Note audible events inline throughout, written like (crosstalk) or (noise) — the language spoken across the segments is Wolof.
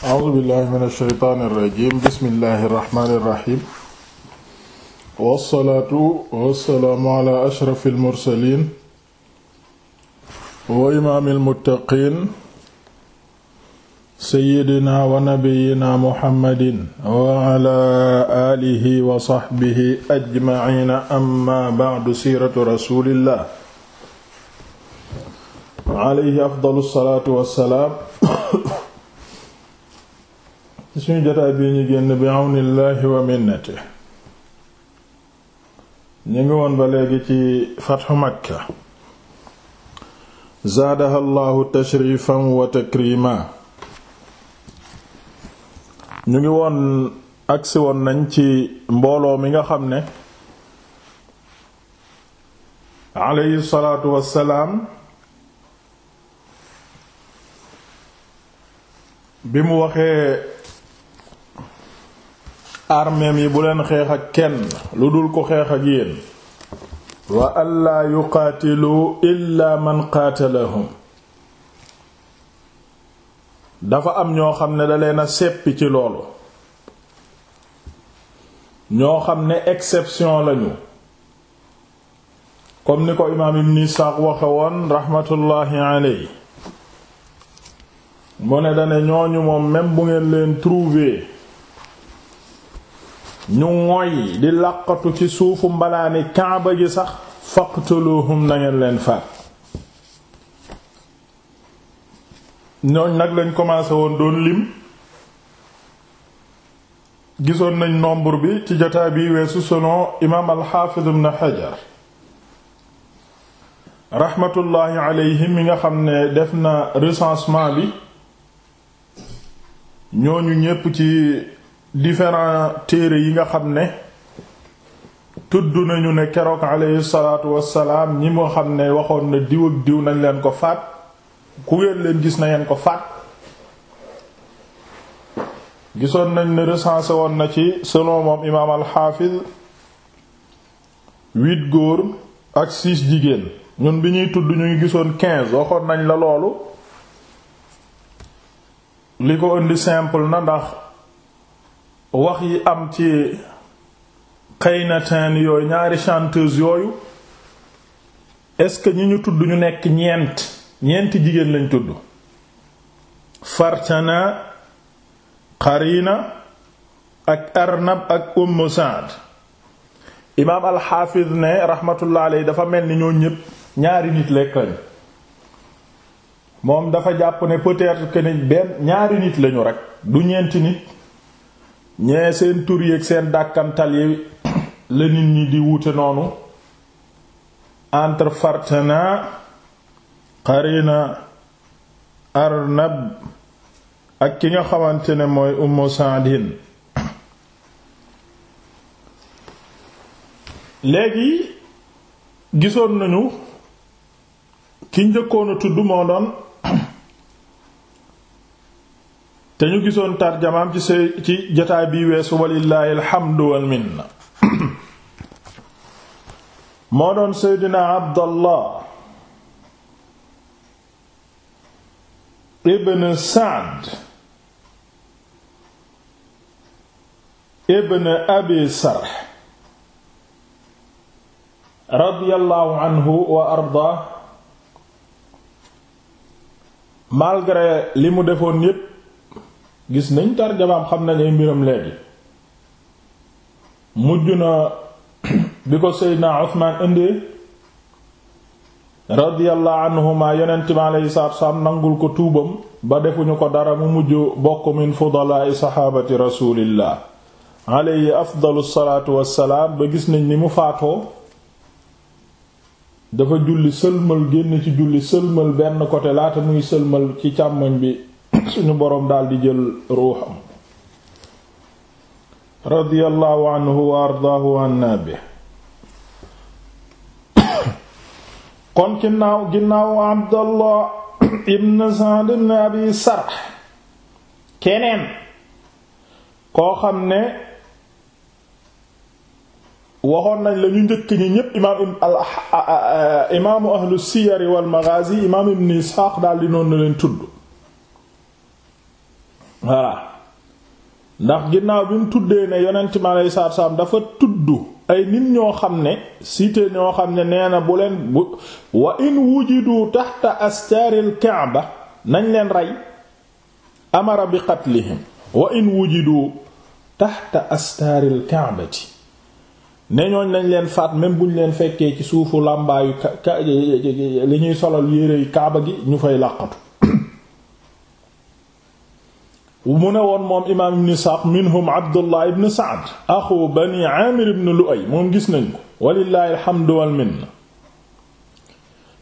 a'uuzu billahi min ash-shaytaani irrajim bismillahi irrahmaani irrahim wassalaatu wassalaamu ala ashraf almursalin wa imaami almuttaqiin seyidina wa nabiyina muhammadin wa ala aalihi wa saxbihi ajmaciina amma bacdu siiratu rasulillah alayhi afdalu salaatu wassalaam (coughs) suñu jotaay bii ñu génn bi àwnillaahi wa minnati ñu ngi woon ba léegi ci fatxu makka zaadaha llahu tashrifan wa takrima ñu ngi woon agsi woon nañ ci mbooloo mi nga xam ne aleyhi salaatu wassalaam bi mu waxee armeem yi bu leen xeex ak kenn lu dul ko xeex a yéen wa allaa yuqaatilu illa man qaatalahum dafa am ñoo xam ne da leen a seppi ci loolu ñoo xam ne exception lañu comme ni ko imaam ibn Isaaq waxe raxmatullaahi aley mu ne dane ñooñu moom même bu ngeen leen trouver ñu ngoy di làqatu ci suufu mbalaani kaaba gi sax faqtuluhum na ngeen leen faat ñooñ nag lañ commencé woon doon lim gisoon nañ nombre bi ci jotaay bi weesu selon imaam alxaafid ibn Hajar raxmatullaahi alayhim mi nga xam ne def na recensement bi ñooñu ñépp ci différents téere yi nga xam ne tudd nañu ne keroog aleyhi salaatu wassalaam ñi mu xam ne waxoon na diw ak diw nañ leen ko faat ku ngeen leen gis na ngeen ko faat gisoon nañ ne recensé woon na ci selon moom imaam alxaafiz wit góor ak six jigéen ñun bi ñuy tudd ñuy gisoon quinze waxoon nañ la loolu li ko indi simple na ndax wax yi am ci xëynatin yooyu ñaari chanteuse yooyu est-ce que ñi ñu tudd ñu nekk ñeent ñeenti jigéen lañ tudd fartana qarina ak arnab ak umm saad imaam alxaafiz ne rahmatullah aley dafa mel ni ñoo ñépp ñaari nit lekk lañ moom dafa jàpp ne peut-être que benn ñaari nit lañu rek du ñeenti nit ñee seen tur yeeg seen dàkkantal yi la nit ñi di wuute noonu entre fartana qarina arnab ak ki nga xawante ne mooy ummu saadin léegi gisoon nañu ki njëkkoon a tudd moo doon te ñu gisoon tarjamaam ci say ci jotaay bi weesu walillaahi alxamdu wal minna (clears throat) moo doon seydina abdallah ibn saad ibn abi sarh radiyallahu anhu wa arda malgré li mu defoon yépp gis nañ tarjabaam xam nañ ay mbiram léegi mujj na (clears throat) bi ko seydna Usmaan indee radiyallahu anhuma yonent bi alayhi salaatu nangul ko tuubam ba defuñu ko dara mu mujj bokk min fudalaa'i saxaabati rasuulillah alayhi afdalu salaatu wassalaam ba gis nañ ni mu faatoo dafa julli sëlmal génn ci julli sëlmal benn côté laata muy sëlmal ci càmmoñ bi suñu boroom daal di jël ruuxam radiyallahu anhu wa ardaahu anna bi kon ginnaaw ginnaaw abdallah ibn Sa'd ibn abi sarx keneen koo xam ne waxoon nañ la ñu njëkk ñi ñépp imaam imaamu ahlu siyar wal maghazi imaam ibn Isxaaq daal di noonu leen tudd voilà ndax ginnaaw bi mu tuddee ne yonent mi aleyhi salaatu salaam dafa tudd ay nit ñoo xam ne siite ñoo xam ne nee na bu leen bu wa in wujidu taxta astaaril kaaba nañ leen rey amara bi qatlihim wa in wujidu taxta astaaril ci ne ñooñ nañ leen faat même buñ leen fekkee ci suufu làmbaayu ka li ñuy solal yérey kaaba gi ñu fay làqatu mu ne woon moom imaam ibn Isxaaq minhum Abdullah ibn Saad axu bani Aamir ibn Lu'ay moom gis nañ ko walillaahi alhamdu wal minna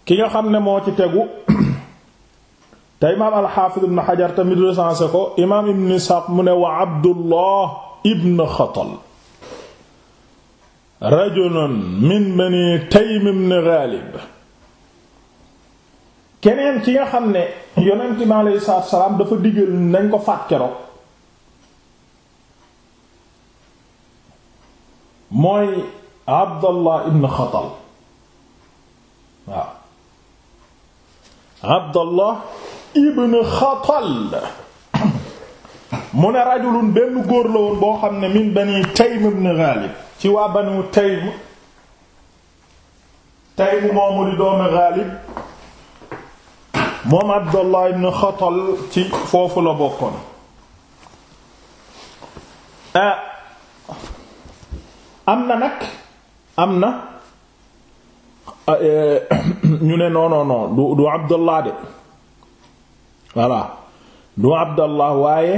ki nga xam ne moo ci tegu (coughs) te imaam al-Xaafid ibn Xajar tamit recensé ko imaam ibn Isxaaq mu ne wa Abdullah ibn Xatal rajulun min bani Taym ibn Gaalib keneen ki nga xam ne yonent bi aleyhi salaatu salaam dafa digal la ko faat keroog mooy Abdallah ibn Xatal waaw mu ne rajulun benn góor la woon boo xam ne min Bani Taym ibn Ghalib ci waa Banu Taym Taym moomu di doomi Ghalib moom Abdallah ibn Xatal ci foofu la bokkoon ah am na nag am na ah, eh, (coughs) ñu ne non non non du Abdallah de voilà du Abdallah waaye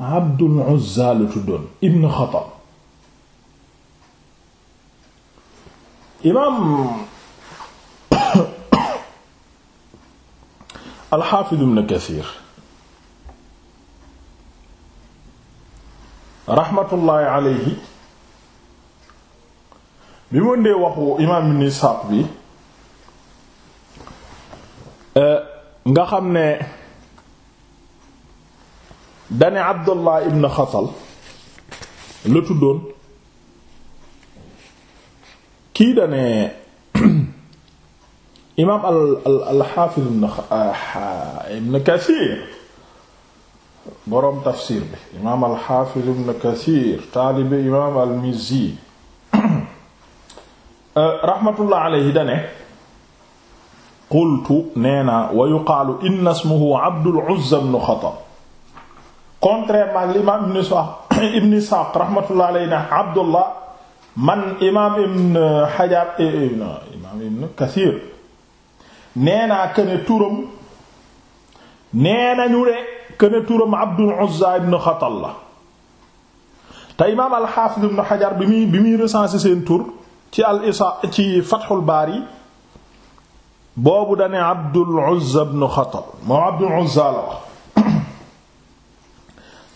Abdul Uzza la tuddoon ibn Xatal imaam alxaafiz ibn Kasiir raxmatullaahi alayhi bi mu ndee waxu imaam ibn Isxaaq bi eh, nga xam ne dane Abdullah ibn Xatal la tuddoon kii dane imaam al al al xaafiz ibn ah, ah, Kasiir boroom tafsir bi imaam al xaafiz ibn Kasiir taalibe imaam al Mizzi (coughs) eh, raxmatullah alayhi dane qultu nee naa wa yuqaalu inna ismuhu Abdul Uzza ibn Xatab contrairement l'imam ibn Isxaaq (coughs) raxmatullah alayhi na Abdullah man imaam ibn Hajar eh, eh, imaam ibn Kasiir nee naa këne turam nee nañu ne këne turam Abdul Uzza ibn Xatal la te imaam al-Hafiz ibn bi muy bi muy seen tur ci al-Isa ci baar yi boobu dane Abdul Uzza ibn Xatal moom Abdul Uzza la wax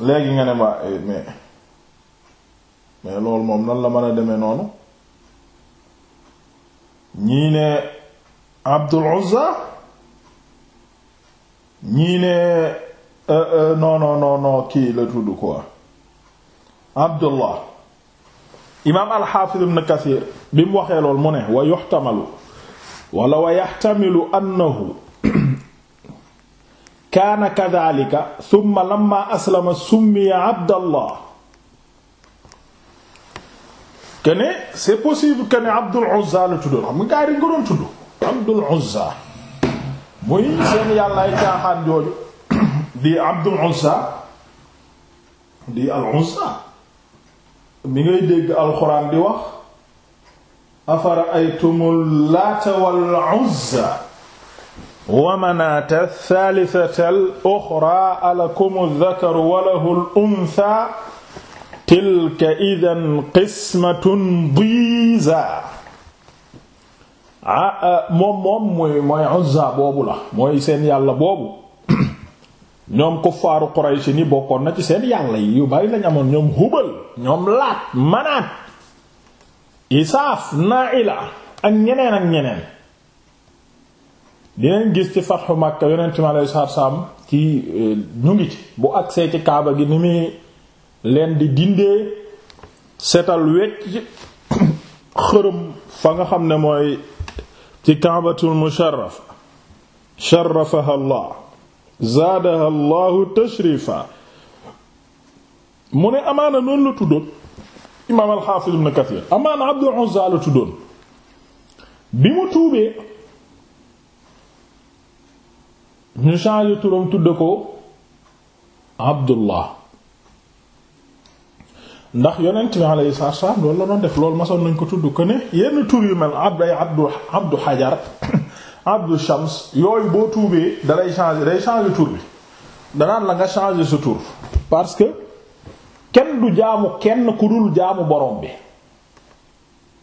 léegi nga ne ma eh, mais mais loolu moom nan la mën a demee noonu ñii ne Abdul Uzza ñii ne euh, euh, non non non non kii la tudd quoi Abdullah imaam al-Hafiz ibn Kathir bi mu waxee lool mu ne wa yuhtamalu wala wa yahtamilu annahu (clears throat) kaana kadhalika thumma lamma aslama summiya Abdallah kene c'est possible kene Abdul Uzza la tuddoon xam nga gaari nga doon tudd Abdul Uzza muy seen yàllaay caaxaan jooju di Abdul Uzza di al Uzza mi ngay dégg alxuraan di wax afara'aytumul laata wal Uzza wa manaata thaalithatal uxraa alakumu dhakaru wa lahul unthaa tilka idhan qismatun diizaa ah euh, moom moom mooy mooy Uzza boobu la mooy seen yàlla boobu (coughs) ñoom kuffaaru Quraysh ni bokkoon na ci seen yàlla yi yu bari lañ amoon ñoom Hubal ñoom Laat Manaat Isaaf Naa'ila ak ñeneen ak ñeneen dinañ gis ci fatxu Makka yonent mi alayhi salaatu salaam ci euh, ñu ngi ci bu agsee ci Kaaba gi ni muy leen di dindee setal wecc (coughs) xërëm fa nga xam ne mooy ci kaabatul musharrafa sharrafaha allah zaadaha allahu tashrifa mu ne amaana noonu la tuddoon imaam alxaafis ibn kathir amaana abdul uzza la tuddoon bi mu tuubee ñu changé turam tudde ko abdullah ndax yonent bi alayhi salaam loolu la doon def loolu masoon nañ ko tudd ko ne yenn tur yu mel abdu ay abdu abdu xajar (coughs) abdu shams yooyu boo tuubee dalay changer day changer tur bi danaan la nga changer sa tur parce que kenn du jaamu kenn ku dul jaamu borom bi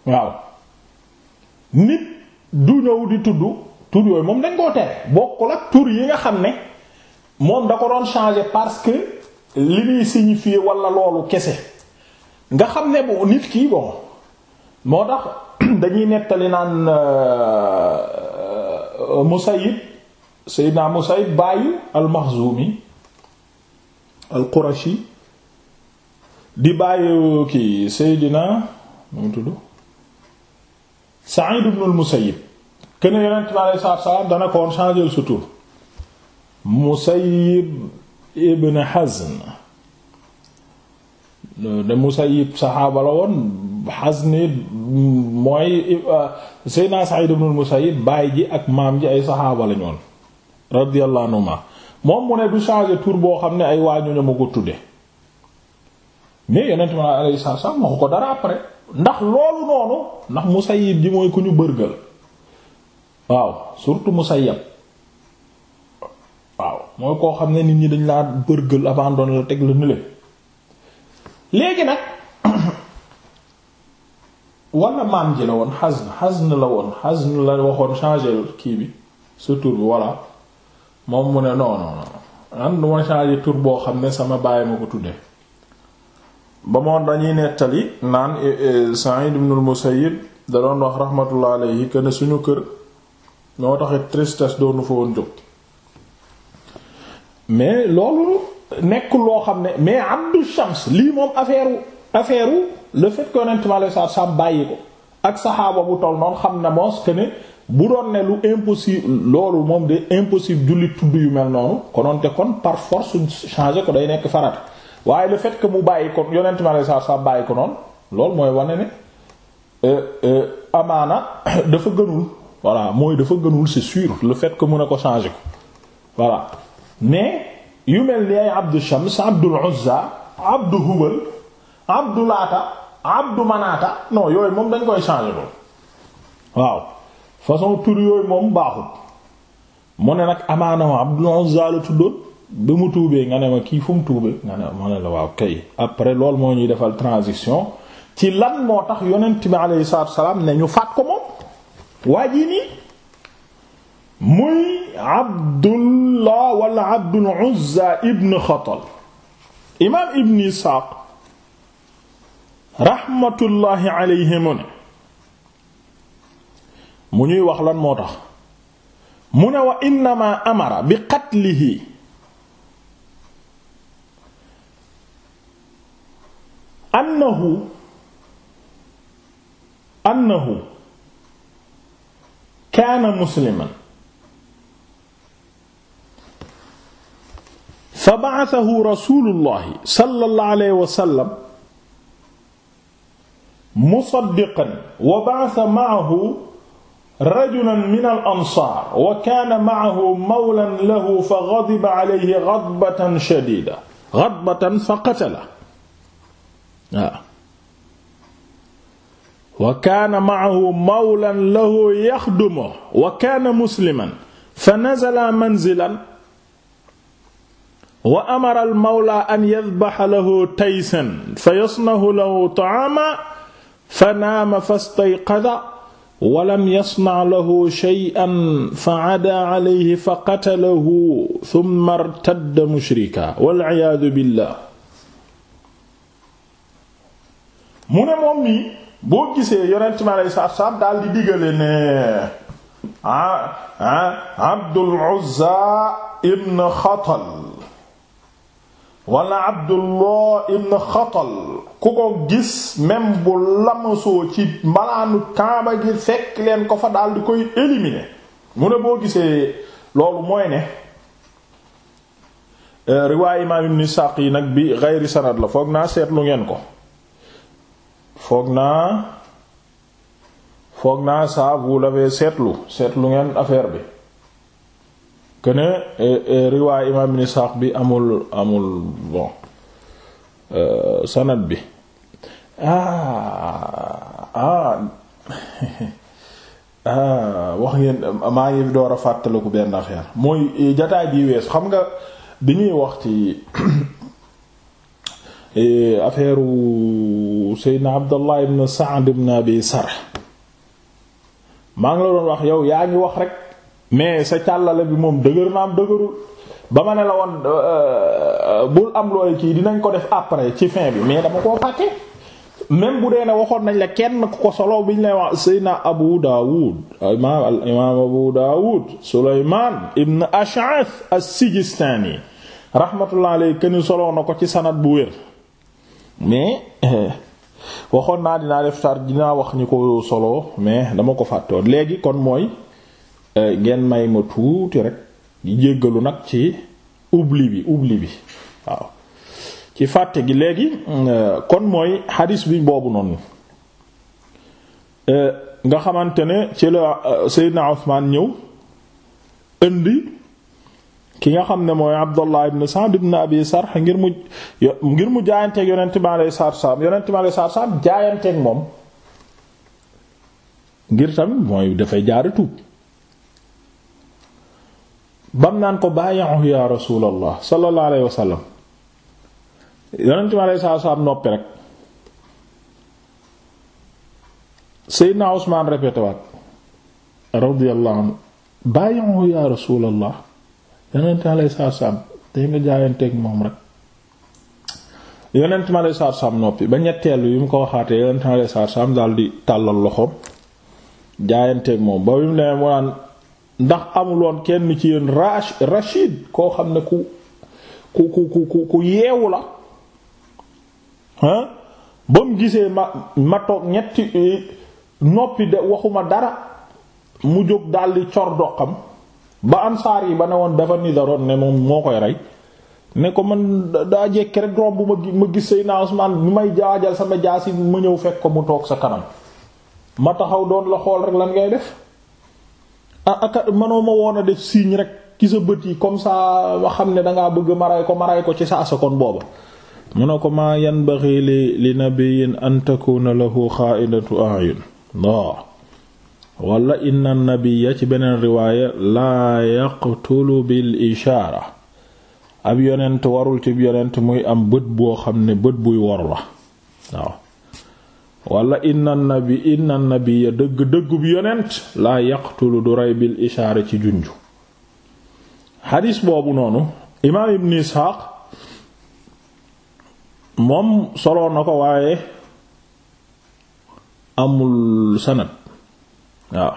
waaw nit du ñëw di tudd tur yooyu moom dañ koo tere bokkul ak tur yi nga xam ne moom da ko doon changer parce que li muy signifier walla loolu kese nga xam ne bu nit kii bon moo tax (clears throat) dañuy nettali naan euh, euh, Musayyib Seydina Musayyib bàyyi al-Makhzumi al-Qurashi di bàyyi kii Seydina nu mu tudd Sa'id ibn al-Musayyib kenn yonent bi alayhi salaatu salaam dana changer sa tur ibn Hazn ne Musayyib saxaaba la woon Hazni mooy euh, Seydina Sa'id ibn al-Musayyib baay ji ak maam ji ay saxaaba la ñoon radiyallahu anhuma moom mu ne du changer tur boo xam ne ay waa ñooñu ma ko tudde mais yonent ma alayhi salaam waxu ko dara après ndax loolu noonu ndax Musayyib ji mooy ku ñu bërgal waaw surtout Musayyab waaw mooy koo xam ne nit ñi dañ laa bërgal abandonné la teg la nële léegi nag (clears throat) wala maam ji la woon Hazn Hazn la woon Hazn la waxoon changé kii bi sa tur bi voilà moom mu ne non non non am duma changé tur boo xam ne sama baay ma ko tudde ba moom dañuy nettali naan eh, eh, Sa'id ibn al-Musayyib da doon wax rahmatullah alayhi ne suñu kër ñoo taxit tristesse doonu fa woon jóg mais loolu nekkul loo xam ne mais abdu shams lii moom affaire affaire le fait que yonent mi aleyhi salaatu bàyyi ko ak saxaaba bu toll noonu xam na moos ne bu doon ne lu impossible loolu moom de impossible julli tudd yu mel noonu konoonte kon par force changer ko day nekk farata waaye le fait que mu bàyyi ko yonent mi aleyhi salaatu salaam bàyyi ko noonu loolu mooy wane ne euh, euh, amaana (coughs) dafa gënul voilà mooy dafa gënul c'est sûr le fait ko mën a ko changer ko mais. yu mel ni ay abdu shams abdul uzza abdu hubal abdu laata abdu manaata no yooyu moom dañ koy changer moom waaw façon tur yooyu moom baaxut mu ne nag amaana ma abdul uzza la tuddoon ba mu tuubee nga ne ma kii fu mu tuubee nga ne ma ne la waaw kay après loolu moo ñuy defal transition ci lan moo tax yonent bi alayhi salaatu salaam ne ñu faat ko moom waa jii nii muy abdullah wala abdul uzza ibn xatal imaam ibn isxaaq raxmatullaahi alayhi mu mu ñuy wax lan moo tax mu ne wa innama amara bi qatlihi annahu annahu musliman fa ba'athahu rasuulullahi sallallahu alayhi wa sallam musaddiqan wa ba'atha ma'ahu rajulan min al-ansaar wa kaana ma'ahu mawlan lahu fa ghadiba alayhi ghadbatan shadiidatan ghadbatan fa qatalahu waaw wa kaana ma'ahu mawlan lahu yaxdumuhu wa kaana musliman fa nazala manzilan wa amara al mawla an yadbaxa lahu taysan fa yasnahu lahu ta'aaman fa naama fastayqada wa lam yasna lahu shay'an fa ada alayhi fa qatalahu thumma irtadda mushrika wal iyaadu billah mu ne moom nii boo gisee yonent mi alayhi salaatu salaam daal di digale ne ah ah Abdul Uzza ibn Xatal wala abdullah ibn xatal ku ko gis même bu lamasoo ci mbalaanu kaaba gi fekk leen ko fa daal di koy éliminer mu ne boo gisee loolu mooy ne euh, riwaay imaam ibn Isaaq yi nag bi gayri sanad la foog naa seetlu ngeen ko foog naa foog naa ça vous l'avez seetlu seetlu ngeen affaire bi këne eh, eh, riwaay imaam ibn Isaaq bi amul amul euh, sanad bi ah ah, (laughs) ah wax ngeen maa ngi door a fàttaliku benn affaire mooy eh, jataay bi weesu xam nga bi ñuy wax ci (coughs) affaire Seydina Abdallah ibn Sa'd ibn Abi Sarh maa ngi la doon wax yow yaa ngi wax rek. mais sa càllale bi moom dëgër na am dëgërul ba ma ne la woon euh, euh, bul am looy kii dinañ ko def après ci fin bi mais dama ko fàtte même bu dee ne waxoon nañ la kenn ku ko solo biñ lay wax Seydina Abu Dawud imaam al imaam Abu Dawud Sulaymaan ibn Ash'ath as-Sijistaani rahmatullah alayhi kenn soloo na ko ci sanad bu wér mais (laughs) waxoon naa dinaa def tar dinaa wax ñu ko solo mais dama ko fàttewoon léegi kon mooy. Euh, ngeen may ma tuuti rek di jéggalu nag ci oubli bi oubli bi waaw ci fàtte gi léegi euh, kon mooy xadis bi boobu noonu euh, nga xamante ne ci la Seydina Usmaan ñëw indi ki nga xam ne mooy Abdullah ibn Sa'd ngir mu ngir mu jaayanteeg yonent bi alayhi salaatu wa salaam yonent moom ngir tamit mooy dafay jaare tuub bam naan ko bàyyahu ya rasulallah sallallahu alayhi wa sallam yonent mi alayhi salaatu noppi rek Seydina Usmaan répété waat radiyallahu anhu bàyyahu ya rasulallah yonent mi alayhi salaatu salaam tey nga jaayanteeg moom rek yonent mi alayhi salaatu salaam noppi ba ñetteelu yi mu ko waxaatee yonent mi alayhi daal di tàllal loxoom jaayanteeg moom ba mu ne mu naan ndax amuloon kenn ci yéen rachid koo xam ne ku ku ku ku ku yeewu la ah ba mu gisee ma ma toog ñetti e, noppi de waxuma dara mu jóg daldi cor doqam ba ansaar yi ba ne woon dafa nidaroon ne moom moo koy rey ne ko man daa jekki rek romb ma ma gis Seydina Usmaan bi may jaajal sama jaasi ma ñëw fekk ko mu toog sa kanam ma taxaw doon la xool rek lan ngay def Ah, aka mënoo ma woon a def signe rek ci sa bët yi comme ça ma xam ne danga bëgg maray ko maray ko ci sa asakon booba mu ne ko maa yanbaghi li li nabiyyin an takuna lahu xaaidatu ayun wala inna ci beneen riwaaya laa yaqtulu bil ishaara ab yonent warul ci yonent muy am bët boo xam ne bët buy wor la waaw wala inna nabi inna nabiya dëgg dëggub yonent laa yaqtulu du rey bil ishaara ci junju xadiis boobu noonu imaam ibn isxaaq moom soloon na ko waaye amul sanad waaw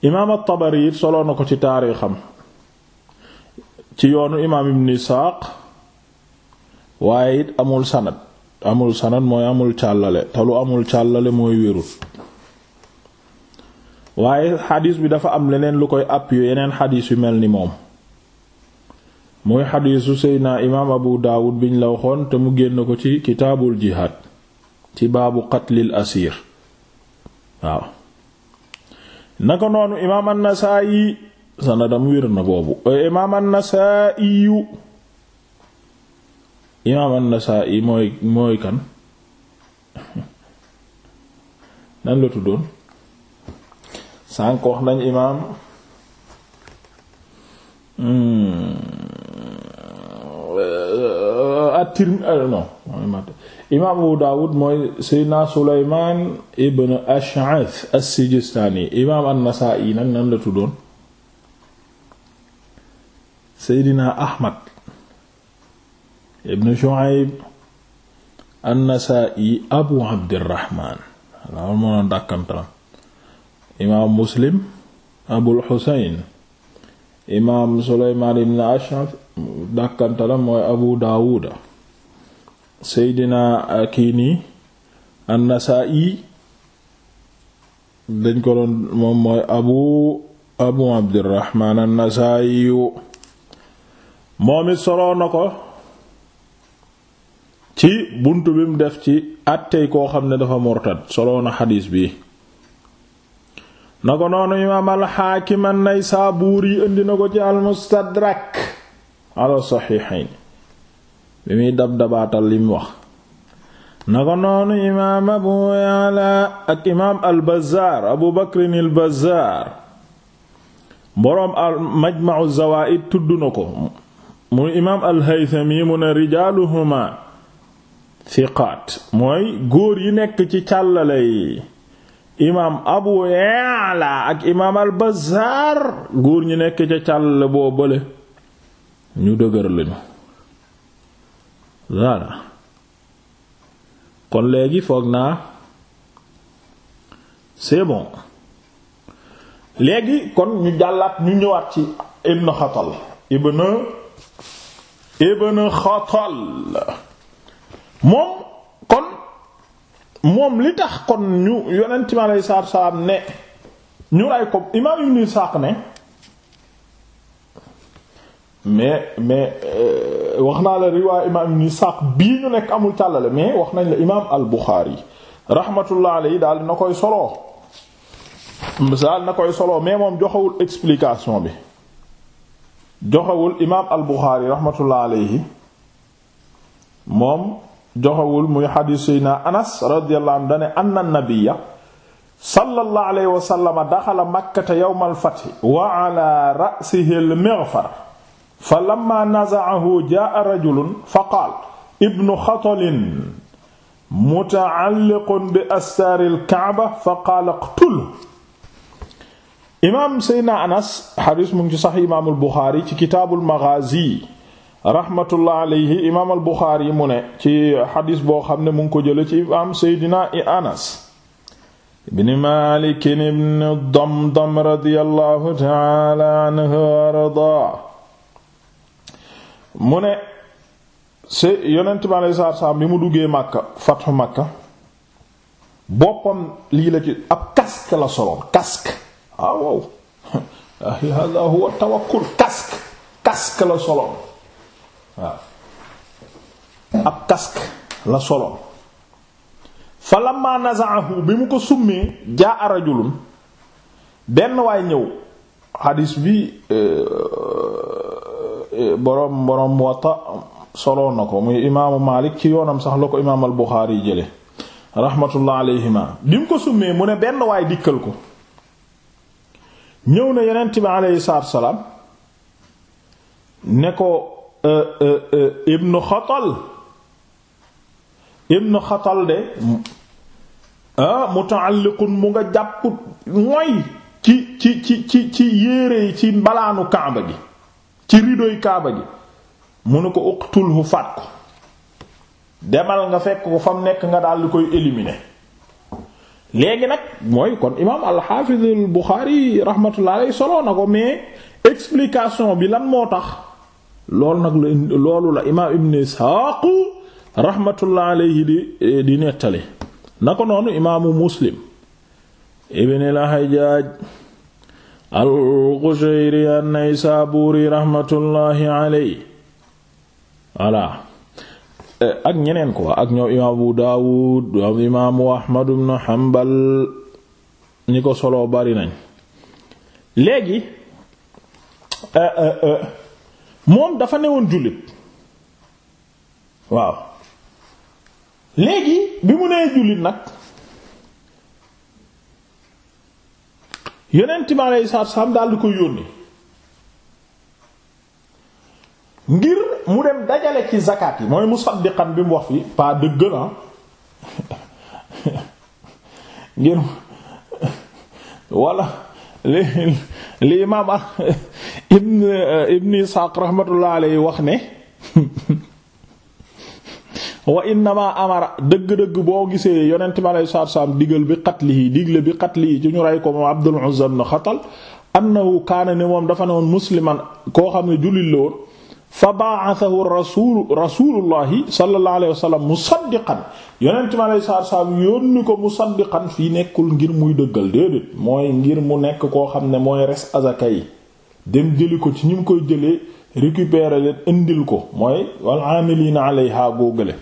imaam at-Tabari it soloon na ko ci taarixam ci yoonu imaam ibn isxaaq waaye it amul sanad amul sanad mooy amul càllale te amul càllale mooy wérul waaye xadiis bi dafa am leneen lu koy appuyer yeneen xadiis yu mel ni moom muy xadiisu seydna imaam abu daawud biñ la waxoon te mu génn ko ci kitaabul jihaad ci baabu qatlil asiir waaw naka noonu imaam an-nasaa'i sanadam wér na boobu imaam an-nasaa'i imaam an-Nasaa'i mooy mooy kan nan la tuddoon sànq wax nañ imaam hmm, at-Tirmidhi euh, mooy Seydina Sulaymaan ibn Ash'ath as-Sijistaani imaam an-Nasaa'i nag nan la tuddoon Seydina Ahmad ibn Shu'ayb an-Nasaa'i abu Abdirrahmaan loolu moo doon dàkkantalam imaam Muslim Abul Husayn imaam Sulaymaan ibn Ash'ath dàkkantalam mooy Abu Daawuda Seydina Akini an-Nasaa'i dañ ko doon moom mooy Abu Abu Abdirrahmaan an-Nasaa'i moom it solo na ko ci buntu bi mu def ci àttey koo xam ne dafa murtad solo na xadiis bi na ko noonu imaam alxaakim an-Naysaabuuri indi na ko ci almustadrak ala saxiixayn bi muy dab dabaatal lim wax na ko noonu imaam abu Ya'la ak imaam al-Bazzaar abu bakrin al-Bazzaar boroom majma'u zawaa'id tudd na ko mu imaam al-Haythami mu ne rijaaluhuma thiqaat mooy góor yi nekk ci càllale yi imaam abu yaala ak imaam al bazaar góor ñi nekk ca càllale boo bële ñu dëgër lañu kon léegi foog naa c'est bon léegi kon ñu jàllaat ñu ñëwaat ci ibn xatal ibn ibn xatal moom kon moom li tax kon ñu yonent mi aleyhi salaatu salaam ne ñu ray ko imaam Ibn Isaaq ne mais mais euh, wax naa la riwaay imaam Ibn Isaaq bii ñu nekk amul càllale mais wax nañ la imaam al Buxaari rahmatullah aleyhi daal na koy soloo daal na koy solo mais moom joxewul explication bi joxewul imaam al Buxaari rahmatullah aleyhi moom. joxewul muy xadiis seydna anas radiyallahu anhu dane anna nabiyya sallallahu alayhi wa sallama daxala makkata yawmal fathi wa ala ra'sihi al-mighfar fa lamma naza'ahu jaa'a rajulun fa qaala ibnu xatalin muta'alliqun bi astaaril ka'ba fa qaala iqtulhu imaam seydna anas xadiis mu ngi ci sax imaamul buxaari ci kitaabul maghaazi rahmatullah imaam al yi mu ne ci xadis boo xam ne mu ngi ko jële ci imaam seydina anas ibn maalik ibn damdam radiyallahu taala anhu arda mu ne se yonent bi alayhi salaatu salaam bi mu duggee màkka fatxu màkka boppam lii la ci ab casque la soloon casque ah, waaw waaw (laughs) hada huwa tawakkul casque casque la soloon waaw ab casque la soloon fa lamma bi mu ko summee jaa rajulun benn waay ñëw xadis bi eh, eh, boroom boroom Muwatta soloon na ko muy imaamu Maalik ci yoonam sax la ko imaam al Buxaari jële rahmatullah alayhima bi mu ko summee mu ne benn waay dikkal ko ñëw na yonent bi aleyhi ne ko Euh, euh, euh, ibnu xatal ibnu xatal de ah, muta'alliqun mu nga jàpp mooy ci ci ci ci ci yére yi ci mbalaanu kaaba gi ci ridoy kaaba gi mu ne ko uqtulhu faat ko demal nga fekk ko fam nekk nga daal di koy éliminer léegi nag mooy kon imaam al-Hafiz al solo na ko mais explication bi lan moo tax loolu nag la loolu la imaam ibn Isxaaq rahmatullah alayhi di nettali na ko noonu imaamu Muslim ibn al-Hajjaj al-Qushayri an-Naysaburi rahmatullahi alayhi voilà eh, ak ñeneen ko ak ñoom Abu Dawud imaamu Ahmad ibn Hanbal ñi ko solo bari nañ léegi eh, eh, moom dafa newoon jullit waaw léegi bi mu nee jullit nag yonent mi aleyhi salaatu salaam daal di koy yónni ngir mu dem dajale ci zakat yi mooy musaddiqan bi mu wax fi pas dëgg na ah. (laughs) ngir (laughs) walla li li imaam ibn eh, ibn Isxaaq rahmatullah alayhi wax ne (laughs) wa innama amara dëgg-dëgg boo gisee yonent mi alayhi salaatu salaam digal bi qatlihi digle bi qatlihi ci ñu rey ko moom Abdul dafa ne woon musliman koo xam ne jullit la woon fa ba'athahu rasulu rasulullahi sallallahu alayhi wa sallam musaddiqan yonent mi alayhi ko musaddiqan fii nekkul ngir muy dëggal déedéet mooy ngir mu nekk koo xam ne mooy res azaka yi dem jëli ko ci ñi mu koy jëlee récupérer indil ko mooy wal amilina alayha góogale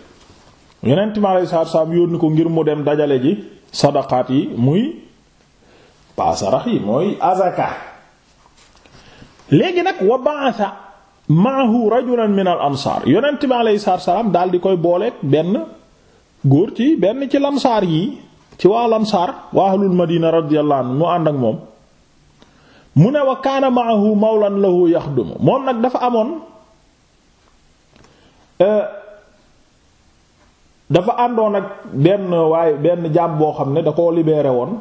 yonent mi alayhi salaatu salaam yónni ko ngir mu dem dajale ji sadaqaat yi muy paasarax yi mooy azaka léegi nag wa ba'atha maahu rajulan min al ansaar yonent mi alayhi salaatu salaam daal di koy booleeg benn góor ci benn ci lamsaar yi ci waa lamsaar waa ahlul madina radiyallahu anhu ànd ak moom mu ne wa kaana maahu mawlan lahu yaxdumu moom nag dafa amoon euh, dafa àndoon ak benn waaye benn jaam boo xam ne da koo libéré woon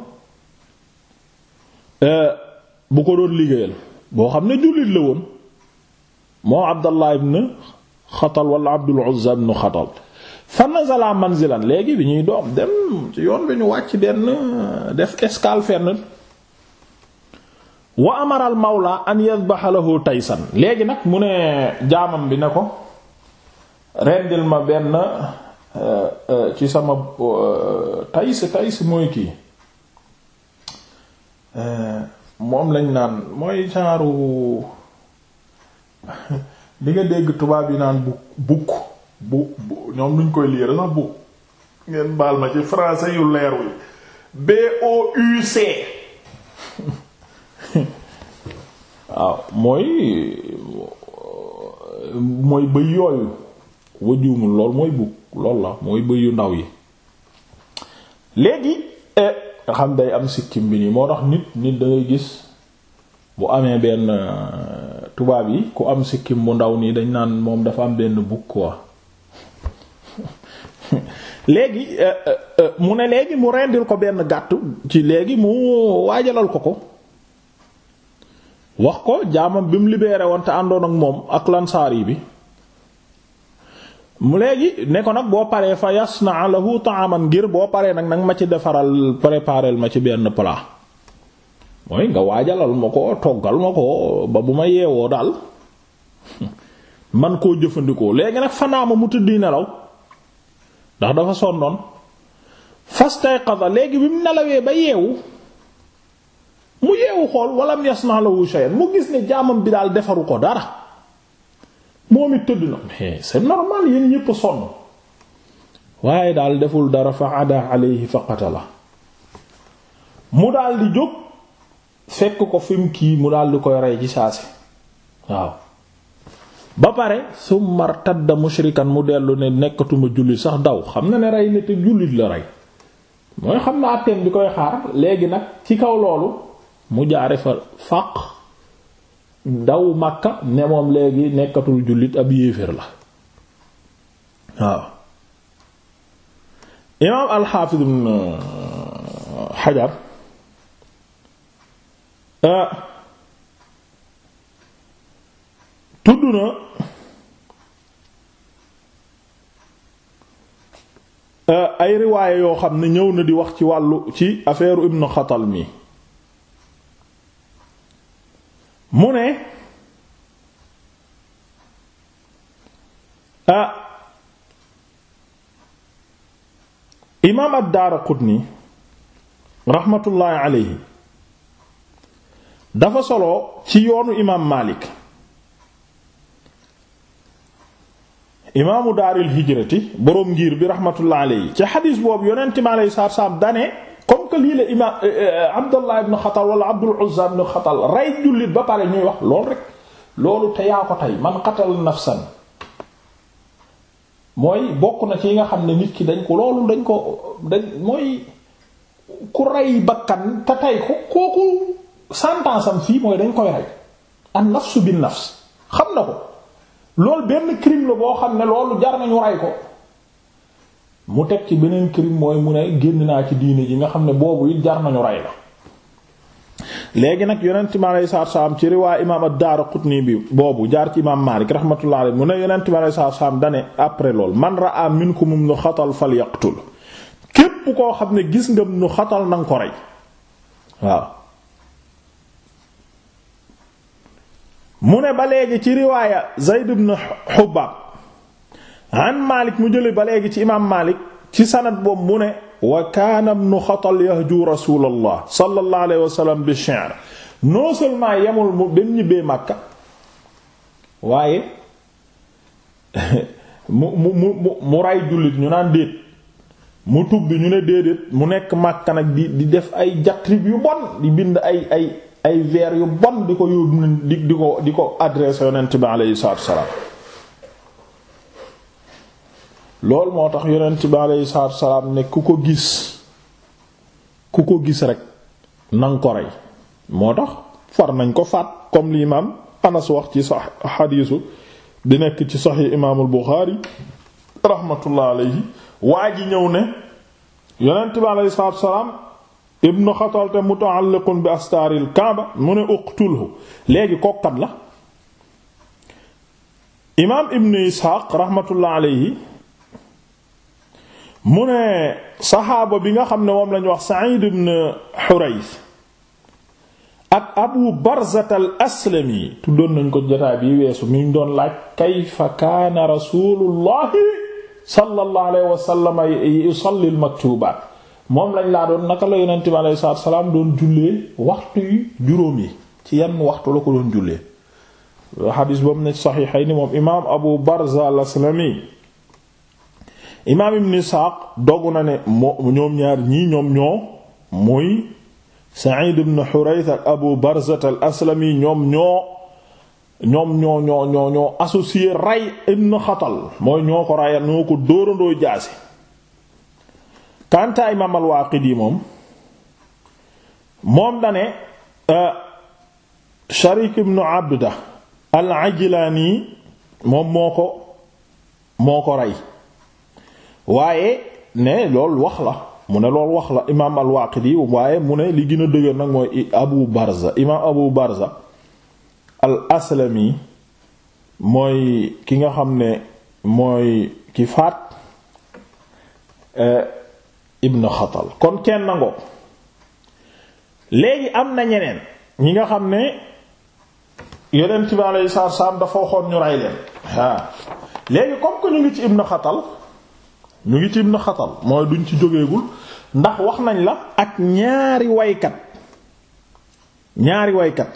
euh, bu ko doon liggéeyal boo xam ne jullit la woon moo Abdallah ibn Xatal wala Abdul Uzza ibn Xatal fa nazala manzilan léegi bi ñuy doom dem ci yoon bi ñu wàcc benn def escale fenn wa amaral mawla an yadbaha lahu taysan léegi nag mu ne jaamam bi ne ko rendil ma benn euh, euh, ci sama euh, tays tays mooy kii moom lañ naan mooy genre li (laughs) nga dégg tubaab yi naan bu bukk bu bu ñoom nuñ koy liir sax bukk ngeen baal ma ci français yu leer wi B (laughs) waaw mooy mooy bëy yooyu wajuumul lool mooy bukk lool la mooy bëy yu ndaw yi léegi eh, nga xam day am sikkim bi nii moo tax nit nit dangay gis bu amee benn euh, tubaab yi ku am sikkim bu ndaw nii dañ naan moom dafa am benn bukk quoi (laughs) léegi eh, eh, mu ne léegi mu rendil ko benn gàtt ci léegi mu waajalal ko ko wax ko jaamam bi mu libéré woon te àndoon ak moom ak lansaari bi mu léegi ne ko nag boo paree fa yasna lahu ta'aman ngir boo paree nag nag ma ci defaral préparel ma ci benn plat mooy nga waajalal ma ko toggal ma ko ba bu ma yeewoo daal (laughs) man koo jëfandikoo léegi nag fanaama mu tëddi nelaw ndax dafa sonnoon fastayqadha léegi bi mu nelawee ba yeewu mu yeewu xool wala yasna lahu shay'an mu gis ne jaamam bi daal defaru ko dara moom it tëdd na mais c'est normal yéen ñépp sonn waaye daal deful dara fa ada alayhi fa qatala mu daal di jóg fekk ko fi mu kii mu dal di koy rey ci saasi waaw ba pare summar tadda mushrikan mu dellu ne nekkatuma jullit sax daw xam na ne rey na te jullit la rey mooy xam na àtteem bi koy xaar léegi nag ci kaw loolu mu jaare fa faq daw makka ne moom léegi nekkatul jullit ab yéeféer la waaw imaam alxaafiz ibn xajar euh, tudd na ay riwaaye yoo xam ne ñëw na di wax ci wàllu ci affaire ibn xatal mi mu ne ah imaam ad-Daaraqutni raxmatullaahi alayhi dafa solo ci yoonu imaam Maalik imaamu daaril hijrati boroom ngir bi raxmatullaahi alayhi ci xadiis boobu yonent mi alayhi salaatu salaam dane comme que lii la imaam euh, euh, Abdallah ibn Xatal wala Abdul Uzza ibn Xatal rey jullit ba pare ñuy wax loolu rek loolu te yaa ko tey man xatal nafsan mooy bokk na ci yi nga xam ne nit ki dañ ko loolu dañ ko dañ mooy ku rey bakkan te tey ko kooku sentence fii mooy dañ koy rey an nafsu bin nafs xam na ko loolu benn crime la boo xam ne loolu jar nañu rey ko mu teg ci beneen crime mooy mu ne génn naa ci diine ji nga xam ne boobu it jar nañu rey la léegi nag yonent mi alayhi salaatu salaam ci riwaa imaam ad-Daaraqutni bi boobu jaar ci imaam Maalik rahmatullahi alayhi mu ne yonent mi alayhi salaatu salaam dane après lool man ra'a minkum nu xatal falyaqtul képp koo xam ne gis nga nu xatal nanga ko rey mu ne ba léegi ci riwaaya Zayd ibn an Malik mu jële ba léegi ci imaam Malik ci sanad boobu mu ne wa kaana ibnu Xatal yahju rasulallah sallallahu alayhi bi shi'r non seulement yemul mu ba ñibbee Makka waaye (laughs) mu mu mu mu ray jullit ñu naan déet mu tubbi ñu ne déedéet mu nekk Makka nag di di def ay diatribe yu bon di bind ay ay ay vers yu bon di ko yóbbu di di ko di ko adressé yonent bi alayhi salaatu salaam loolu moo tax yonent bi aleyhi salaatu salaam ne ku ko gis ku ko gis rek nang ko rey moo tax far nañ ko faat comme li imaam Anas wax ci sax xadiisu di nekk ci saxi imaamul Buxaari rahmatullah aleyhi waa ji ñëw ne yonent bi aleyhi salaatu salaam ibnu xatalte muta'alliqun bi astaaril kaaba mu ne uqtulhu léegi kokkat la imaam ibnu Isxaaq rahmatullah aleyhi mu ne saxaaba bi nga xam ne moom lañu wax Sa'id ibn Hurayth ak Abu Barzat al-Aslami tuddoon nañ ko jotaay bi weesu mi ngi doon laaj kayfa kaana rasuulullahi sallallahu alayhi wa sallam yusalli al-maktubaat moom lañ laa doon naka la yonent bi alayhi salaatu salaam doon jullee waxtu yi juróom yi ci yan waxtu la ko doon jullee xadiis ba mu ne saxiixayni moom imaam Abu Barza al-Aslami imaam ibn Isaaq dogu na ne ñoom ñaar ñii ñoom ñoo muy Sa'id ibn Hurayth ak Abu Barzat al ñoom ñoo ñoom ñoo ñoo ñoo Ray ibn Xatal mooy ñoo ko rayal ñoo ko dóorandoo jaasi kanta imaam al-Waaqidi moom moom dane euh, Sharik ibn Abda al-Ajlani moom moo ko moo ko rey waaye ne lool wax la mu ne loolu wax la imaam al waaye mu ne li gën a dëgër nag mooy Abu Barza imaam Abu Barza al-Aslami mooy ki nga xam ne mooy ki faat eh, Ibn Xatal kon kenn nango léegi am na ñeneen ñi nga xam ne yonent bi alayhi salaam dafa waxoon ñu rey leen léegi comme que ñu ngi ci Ibn Xatal ñu ngi ci ibn xatal mooy duñ ci jógeegul ndax wax nañ la ak ñaari waykat ñaari waykat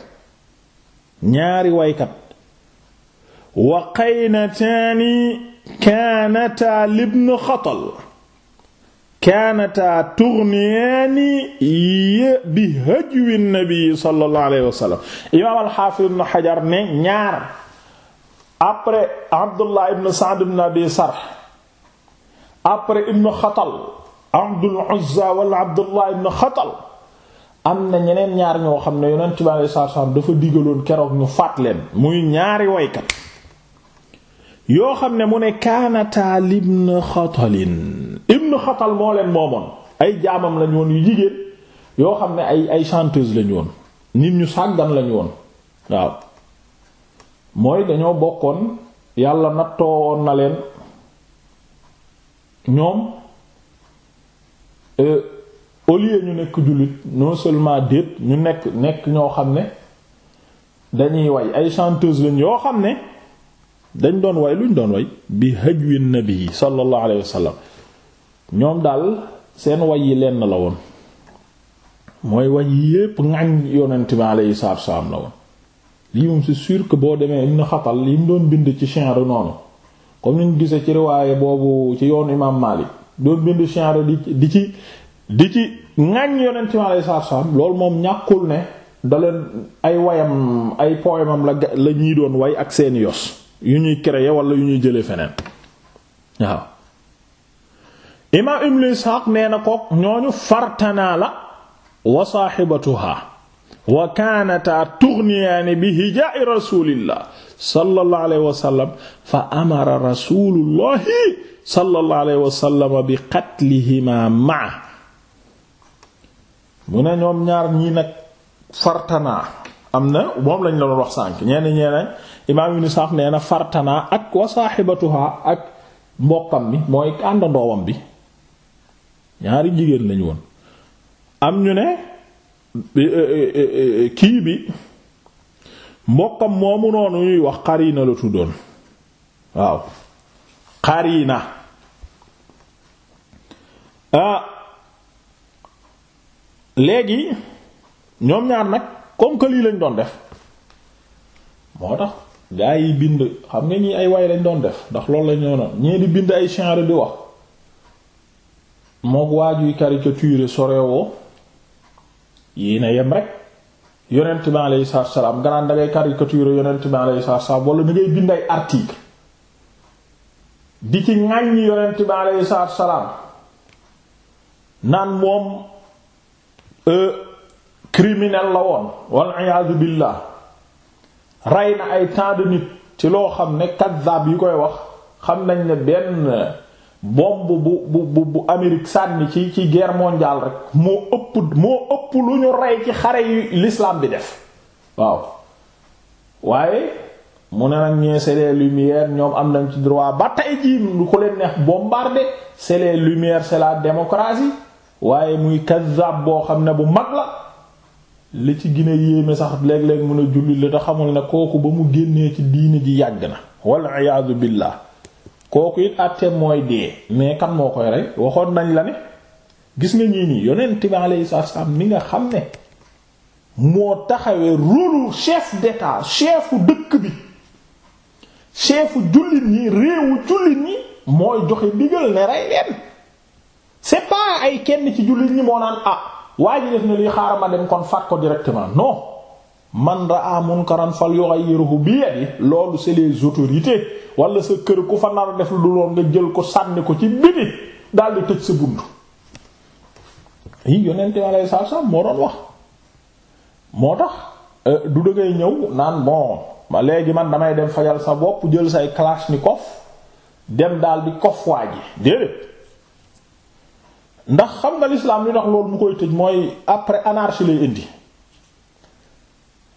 ñaari waykat wa qaynataani kaanataa libn xatal kaanataa tughniyaani bi hajwi nabi sallallahu alayhi wa imaam al-Hafiz ibn ne ñaar après Abdullah ibn Sa'd ibn Abi Sarh après ibnu xatal abdul uzza wala abdullah ibnu xatal am na ñeneen ñaar ñoo xam ne yonent bi alei satu dafa digaloon keroog ñu faat leen muy ñaari waykat yoo xam ne mu ne kaanataa libn xatalin ibn xatal moo leen moomoon ay jaamam lañu woon yu jigéen yoo xam ne ay ay chanteuse lañu woon nit ñu sàggan lañu woon waaw mooy dañoo bokkoon yàlla nattoowoon na leen ñoom euh, au ñu nekk jullit non seulement déet ñu nekk nekk ñoo xam ne dañuy way ay chanteuse lañ yoo xam ne dañ doon way luñ doon way bi hajwi nabi sallallahu alayhi wasallam ñoom daal seen way yi lenn la woon mooy way yi yépp ngañ yonent bi alayhi salaatu wasallam la woon lii moom c'est sûr boo demee Ibn Xatal li mu doon bind ci chenre noonu comme ni ñu gisee ci boobu ci yoon imaam Maalik doon bind chenre di ci di ci ŋañ yonent mi alayhi salaatu loolu moom ñàkkul ne da leen ay wayam ay poemam la la ñuy doon way ak seeni yos yu ñuy créer wala yu ñuy jëlee feneen waaw imaam ibnu Isxaaq nee na kook ñooñu fartanaa la wa saaxibatuha wa kaanataa tughniyaani bi hijaa'i rasuulillah sallallahu alayhi wa sallam fa amara rasulullahi sallallahu alayhi bi qatlihima maa mu ne ñoom ñaar ñii nag fartanaa am na moom lañ la doon wax sànk ñeeni ñeenañ imaam ibn Sa'd nee na fartanaa ak wa saaxibatuha ak mbokkam bi mooy àndandoowam bi ñaari jigéen lañu woon am ñu ne eh, eh, eh, kii bi mbokkam moomu noonu ñuy wax na la tuddoon waaw xarina na ah. léegi ñoom ñaar nag comme que lii lañ doon def moo tax gaa yi bind xam nga ñi ay way lañ doon def ndax loolu lañ doon ñee di bind ay chanre di wax mook waajuy caricature sorewoo yii na yem rek yonent bi alayhi salaam nga naan da ngay caricature yonent bi alayhi salaam wala da ngay bind ay article di ci ŋàññi yonent bi alayhi salaam naan moom euh, criminel la woon wal iyaadu billah rey na ay temps nit ci loo xam ne kaddaab yi koy wax xam nañ ne benn bomb bu bu bu bu Amérique sànni ci ci guerre mondiale rek moo ëpp moo ëpp lu ñu rey ci xare yi l'islam bi def waaw waaye mu ne nag ñee c'est les ñoom am nañ ci droit ba tey jii lu ko leen neex bombarder c'est les lumières c'est la waaye muy kazzab boo xam ne bu mag la li ci gine a yéeme sax léeg-léeg mën a jullit la te xamul ne kooku ba mu génnee ci diini ji yàgg na wal iyaadu billah kooku it àtteem mooy dee mais kan moo koy rey waxoon nañ la ne gis nga ñii nii yonent bi alayhi salaam mi nga xam ne moo taxawee rôlu chef d'état chefu dëkk bi chefu jullit ñi réewu jullit ñi mooy joxe digal ne rey leen c'est pas ay kenn ci jullit ñi moo naan ah waa ji def na li xaaral ma dem kon faat ko directement non. man raa munkaran falyughayyirhu bi yadi loolu c'est les autorités wala sa kër ku fa nar a def lu lool nga jël ko sànni ko ci biti daldi tëj sa bunt yi yonent alayhi salaam moo doon wax moo tax euh, du dangay ñëw naan bon ma léegi man damay dem fajal sa bopp jël say kalachnikov dem daldi kof waa ji déedéet ndax xam nga l'islam li tax loolu mu koy tëj mooy après anarchie lay indi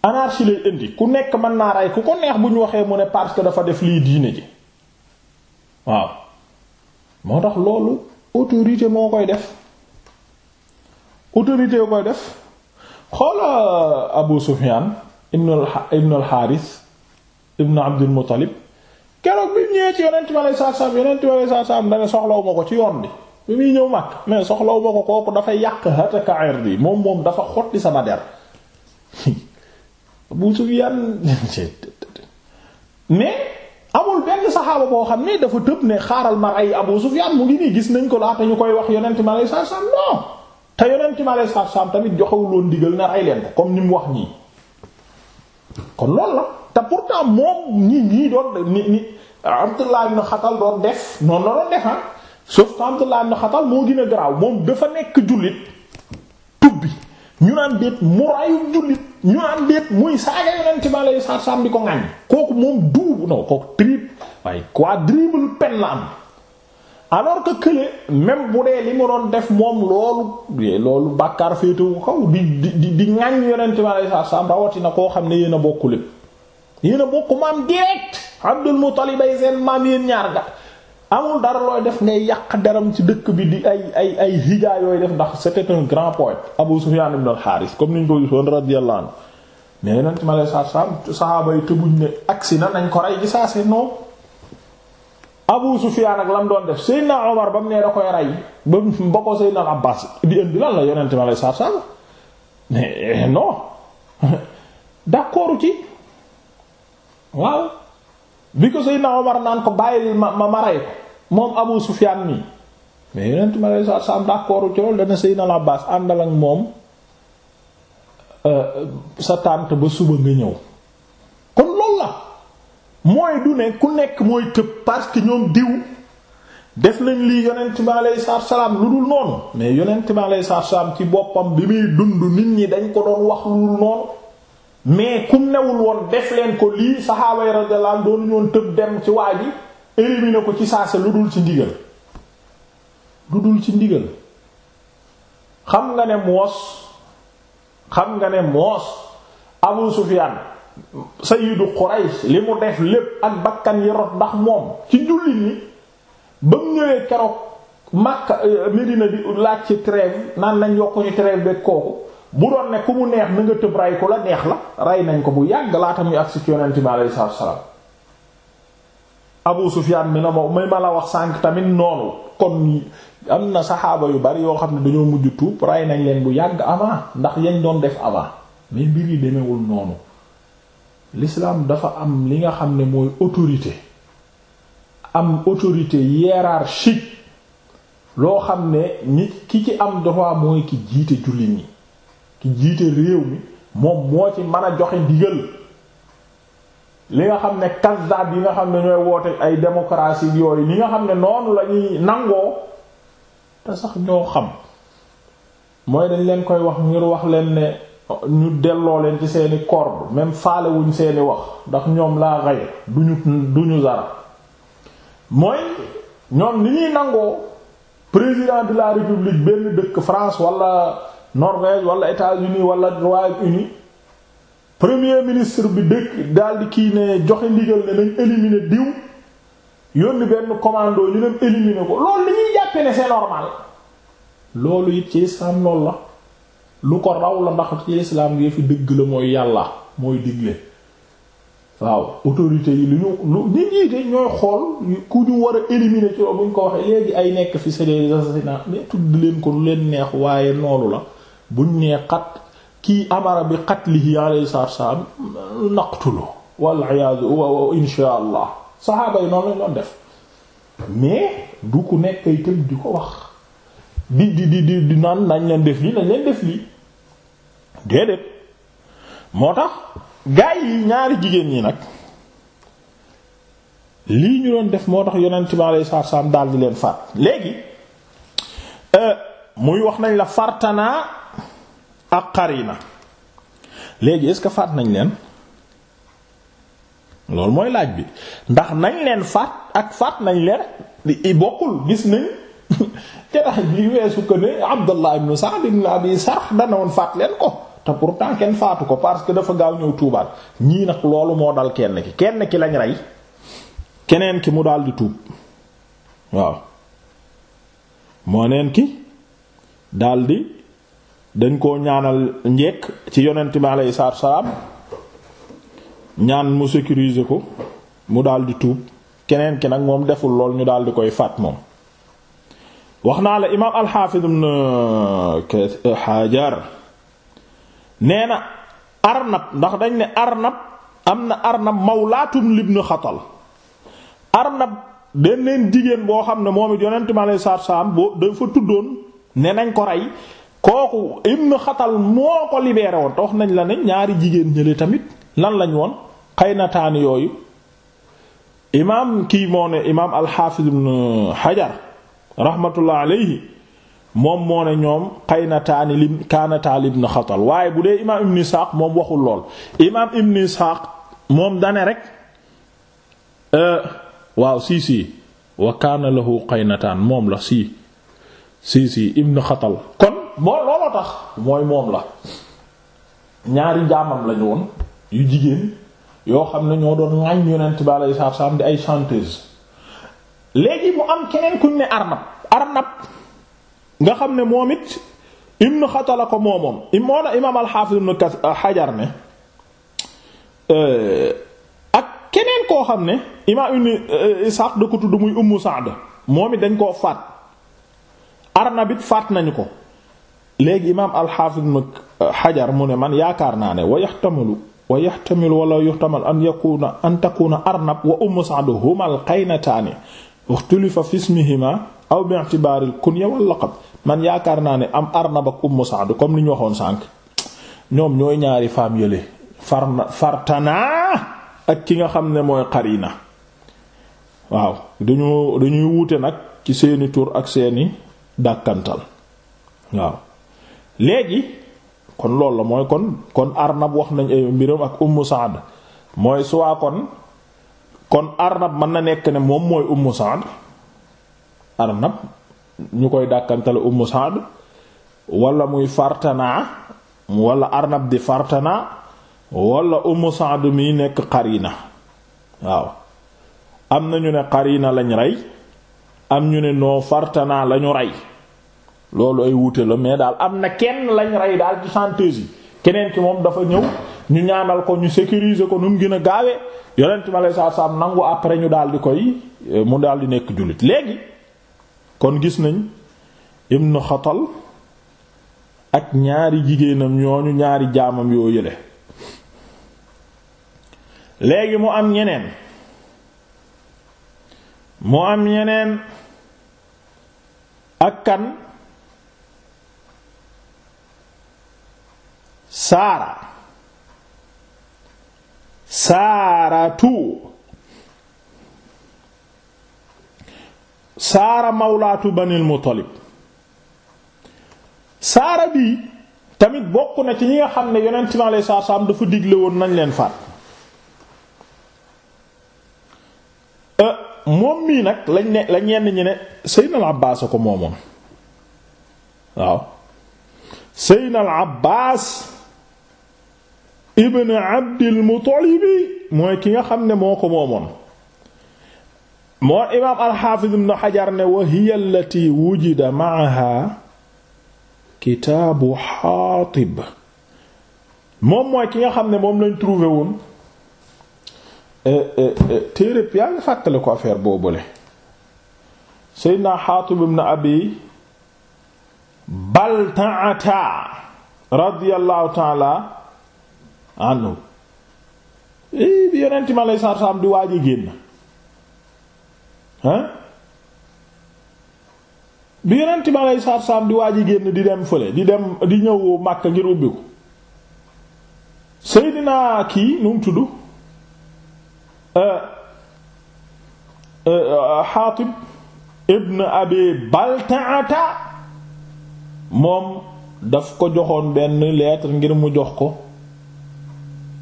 anarchie lay indi ku nekk mën naa rey ku ko neex bu ñu waxee mu ne parce que dafa def lii diine ji waaw moo tax loolu autorité moo koy def autorité yoo koy def xoola euh, Abu Sufyan ibn al Haris ibn Abdul Muttalib keroog bi ñëwee ci yonent bi aleyhi salaatu salaam yonent bi aleyhi salaatu salaam ko ci yoon bi bi muy ñëw mag mais soxlawu ma ko kooku dafay yàq hataka bi moom moom dafa xotti sama der (laughs) Abu Sufyaan (laughs) mais amul benn saxaaba boo xam ne dafa tëb ne xaaral ma ay Abu Sufyaan mu ngi nii gis nañ ko laata ñu koy wax yonent mi alayhi salaatu salaam non te yonent mi alayhi salaatu salaam tamit joxewul woon digal na rey leen comme ni mu wax nii kon loolu la te pourtant moom ñi ñii doon ni ni Abdullah ibn Xatal doon def noonu la doon def ah sauf que Abdullah ibn Xatal moo gën a garaaw moom dafa nekk jullit tubbi ñu naan déet mu rayu jullit. ñu am déet muy saaga yonent bi alayhi salaatu salaam ko ŋaññi kooku moom double non kooku triple waaye quadruple peine la am alors que kële même bu dee li mu doon def moom loolu eh, loolu bàkkaar féetewu kaw di di di ŋaññi yonent bi alayhi salaatu salaam rawatina koo xam ne yéen bokku lépp yéen a bokk maam direct Abdul Muttalib ay seen maam yéen ñaar ga amul dara looy def ngay yàq deram ci dëkk bi di ay ay ay higa yooyu def ndax c'était un grand poète Abu Sufyan ibn al-Harith comme niñ ko gisoon radiyallahu mais yonent mi aleyhi salaatu saxaaba yi tëbuñ ne agsi na nañ ko rey gi saa si non Abu Sufyan ak lam doon def Seydina Omar ba mu nee da koy rey ba ba eh, (laughs) ko Seydina Abbas Omar naan ko bàyyil ma ma rey ko moom Abu Sufyaan mi mais yonent mi alayhi salaatu salaam d'accord ci loolu dana Seydina Abbaas àndal ak moom euh, sa tànt ba suba nga ñëw kon loolu la mooy du ne ku nekk mooy tëb parce que ñoom diw def nañ lii yonent mi alayhi salaatu salaam lu dul noonu mais yonent mi alayhi salaatu salaam ci boppam bi muy dund nit ñi dañ ko doon wax lu dul noonu mais kum newul woon def leen ko lii saxaaba yi radiyallahu anhum doon ñoon tëb dem ci waa ji éliminer ko ci saase lu dul ci ndigal lu dul ci ndigal xam nga ne moos xam nga ne moos Abu Sufyan sayyidu Quraysh li mu def lépp ak bakkan yi rot ndax moom ci jullit ñi ba mu ñëwee keroog Makka euh, Medina di laaj ci trêve naan nañ yokk ci trêve beeg kooku bu doon ne ku mu neex na nga tëb ray ko la neex la rey nañ ko bu yàgg laa muy agsi ci yonent bi salaam Abu Sufyaan mi na ma may ma la wax sànq tamit noonu kon am na saxaaba yu bari yoo xam ne dañoo mujj tuub ray nañ leen bu yàgg avant ndax yañ doon def avant mais mbir yi demewul noonu l'islam dafa am li nga xam ne mooy autorité am autorité hiérarchique loo xam ne ñi ki ci am dafa mooy ki jiite jullit ñi ki jiite réew mi moom moo ci man a joxe ndigal li nga xam ne kazzab yi nga xam ne ñooy woote ay démocratie yooyu ñi nga xam ne noonu la ñuy nangoo te sax ñoo xam mooy dañ leen koy wax ngir wax leen ne ñu delloo leen ci seeni corde même faalewuñ seeni wax ndax ñoom laa xaye duñu duñu dara mooy ñoom ni ñuy nangoo président de la république benn dëkk France walla Norvège wala États-Unis wala Royaume-Uni premier ministre bi dëkk daldi kii ne joxe ndigal ne nañ éliminer diw yónni benn commando ñu dem éliminer ko loolu li ñuy jàppe ne c'est normal loolu it ci islam loolu la lu ko raw la ndax ci islam gi fi dëgg la mooy yàlla mooy digle waaw autorité yi lu ñu lu ñu jiite ñooy xool ku ñu war a éliminer ci loolu bu ñu ko waxee léegi ay nekk fi c'est des assassinats tudd leen ko lu leen neex waaye noonu la buñ nee kii amara bi qatlihi alayhi salaam naqtulu wal iyaadu wa insha allah saxaaba yi noonu lañ doon def mais du ku nekk itam di ko wax di di di di di naan nañ leen def lii nañ leen def lii moo tax gaa yi ñaari jigéen ñi nag lii ñu doon def moo tax yonent bi alayhi salaam daal di leen faat léegi euh, muy wax nañ la fartana ak qarina léegi est-ce que faat nañ leen loolu mooy laaj bi ndax nañ leen faat ak faat nañ leen i bokkul gis nañ (laughs) te yi bi weesu ko ne Abdallah ibn Sa'd ibn Abi Sarh dana woon faat leen ko te pourtant kenn faatu ko parce que dafa gaaw ñëw tuubaat ñii nag loolu moo dal kenn ki kenn ki lañ rey keneen ki mu dal di tuub waaw moo neen ki daldi dañ koo ñaanal njekk ci yonent bi alayhi salaam ñaan mu sécuriser ko mu daldi tuub keneen ki nag moom deful lool ñu di koy faat moom wax naa la imaam alxaafid ibn Hajar nee na Arnab ndax dañ ne Arnab am na Arnab mawlaatum ibn Xatal Arnab benn jigéen boo xam ne moom it yonent bi alayhi salaatu salaam boo dafa tuddoon ne nañ ko rey kooku ibnu xatal moo ko libéré woon te nañ la ne ñaari jigéen ñële tamit lan lañ woon xaynataani yooyu imaam kii moo ne imaam alxaafiz ibnu xajar rahmatullah alayhi moom moo ne ñoom xaynataani lim kaanataan ibnu xatal waaye bu dee imaam ibnu isxaaq moom waxul lool imaam ibnu isxaaq moom dane rek euh, waaw si si wa kaana lahu xaynataan moom la si si si ibnu xatal kon moo looloo tax mooy moom la ñaari jaamam lañu woon yu jigéen yoo xam ne ñoo doon ŋañ yonent bi alayhi salaatu salaam di ay chanteuse léegi mu am keneen kuñ ne Arnab Arnab nga xam ne moom it Ibn Xatala ko moomoon moo na imaam al-Hafiz Ibn euh, Hajar ne euh, ak keneen koo xam ne imaam Ibn euh, Ishaq da ko tudd muy Ummu Sa'd moom it dañ koo faat Arnab it faat nañu ko léegi imaam alxaafis ibn xajar mu ne man yaakaar naa ne wa yaxtamilu wa yaxtamilu wala yuxtamal an yakuna an takuna arnab wa umm sa'd huma alqaynataani ixtulifa fi ismihima aw bi'tibaar alkunya wal laqab man yaakaar naa ne am arnab ak umm sa'd comme ni waxoon sànq ñoom ñooy ñaari faam yële fartanaa ak ki nga xam ne mooy qarina waaw dañu dañuy wuute nag ci seeni tur ak seeni dàkkantal waaw léegi kon loolu la mooy kon kon Arnab wax nañ ay eh, mbiram ak Ummu Saad mooy soit kon kon Arnab mën na nekk ne moom mooy Ummu Saad Arnab ñu koy dàkkantale Ummu Saad wala muy Fartana walla Arnab di Fartana wala Ummu Saad mi nekk Qarina waaw am na ñu ne Qarina lañ rey am ñu ne noo Fartana lañu rey loolu ay wuute la mais daal am na kenn lañ rey daal ci chanteuse yi keneen ki moom dafa ñëw ñu ñaanal ko ñu sécuriser ko nu mu gën a gaawee yonent ma lay saa saam nangu après ñu daal di koy eh, mu daal di nekk jullit léegi kon gis nañ ibnu xatal ak ñaari jigéenam yoo ñooñu ñaari jaamam yoo yële léegi mu am ñeneen mu am ñeneen ak kan saara saaratu saara mawlaatu banil muttalib saara bii tamit bokk na ci ñi nga xam ne yonent mi alayhi salaatu salaam dafa digle woon nañ leen faat euh, moom mii nag lañ ne la ñenn ñi ne Seynal Abbaas a ko moomoon waaw Seynal Abbaas ibn abdil muttalibi mooy ki nga xam ne moo ko moomoon moo imaam alxaafiz ibn xajar ne wa hiya allati wujida maaha kitaabu xaatib moom mooy ki nga xam ne moom lañ trouvé woon eh, eh, eh, téereeb yaa ngi fàttale ko affaire boobule seydna xaatib ibn abi baltaata radiyallahu taala anhu eh, bi yonent mi aleyhi salaatu salaam di waaj génn ah bi yonent mi aleyhi salaatu salaam di waaj génn di dem fële di dem di ñëw Makka ngir ubbi ko Seydina kii nu mu tudd Xaatib eh, eh, ibn Abi Baltaata moom daf ko joxoon benn lettre ngir mu jox ko.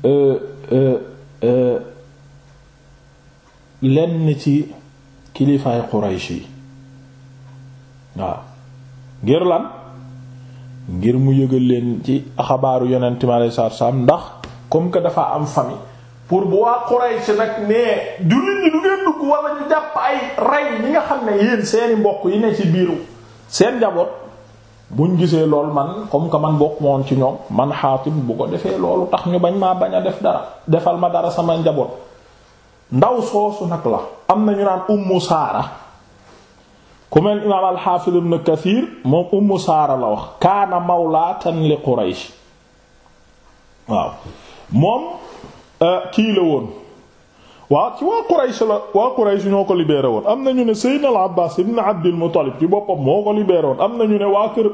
Euh, euh, euh, lenn ci kilifaay Quraysh yi waaw ngir lan ngir mu yëgal leen ci xabaaru yonent mi alayhi salaatu salaam ndax comme que dafa am famille pour bu waa Quraysh nag nee jullit ñi du ngeen dugg wala ñu jàpp ay rey ñi nga xam ne yéen seeni mbokk yi ne ci biiru seen njaboot buñ gisee lool man comme que man bokk moon ci ñoom man xaatim bu ko defee loolu tax ñu bañ maa bañ a def dara defal ma dara sama njaboot ndaw soosu nag la am na ñu naan ummu saara ku mel imaam alxaafid ibn kathir moom ummu saara la wax kaana mawlaatan li quraysh waaw moom euh, kii la woon waaw ci waa Quraysh la waa Quraysh ñoo ko libéré woon am na ñu ne Seydina al Abbaas ibn Abdul Muttalib ci boppam moo ko libéré woon am na ñu ne waa kër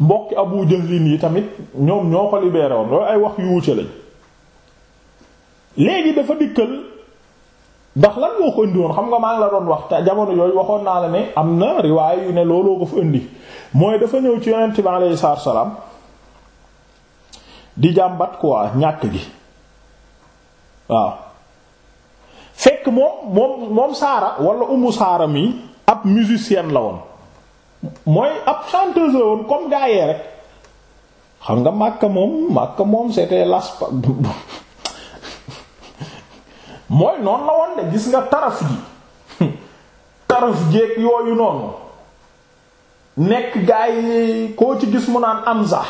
mbokki Abu Jahlin yi tamit ñoom ñoo ko libeere woon loolu ay wax yu wuute lañ léegi dafa dikkal ndax lan moo ko indi woon xam nga maa ngi la doon wax te jamono yooyu waxoon naa la ne am na riwaay yu ne looloo ko fa indi mooy dafa ñëw ci yonent bi alayhi salaam di jàmbat quoi ñàkk gi waaw. fekk moom moom moom Saara wala umu Saara mi ab musicienne la woon mooy ab chanteuse la woon comme gaa rek xam nga Makka moom Makka moom c'était las mooy noonu la woon de gis nga taraf ji taraf jéeg yooyu noonu nekk gaa koo ci gis mu naan am sax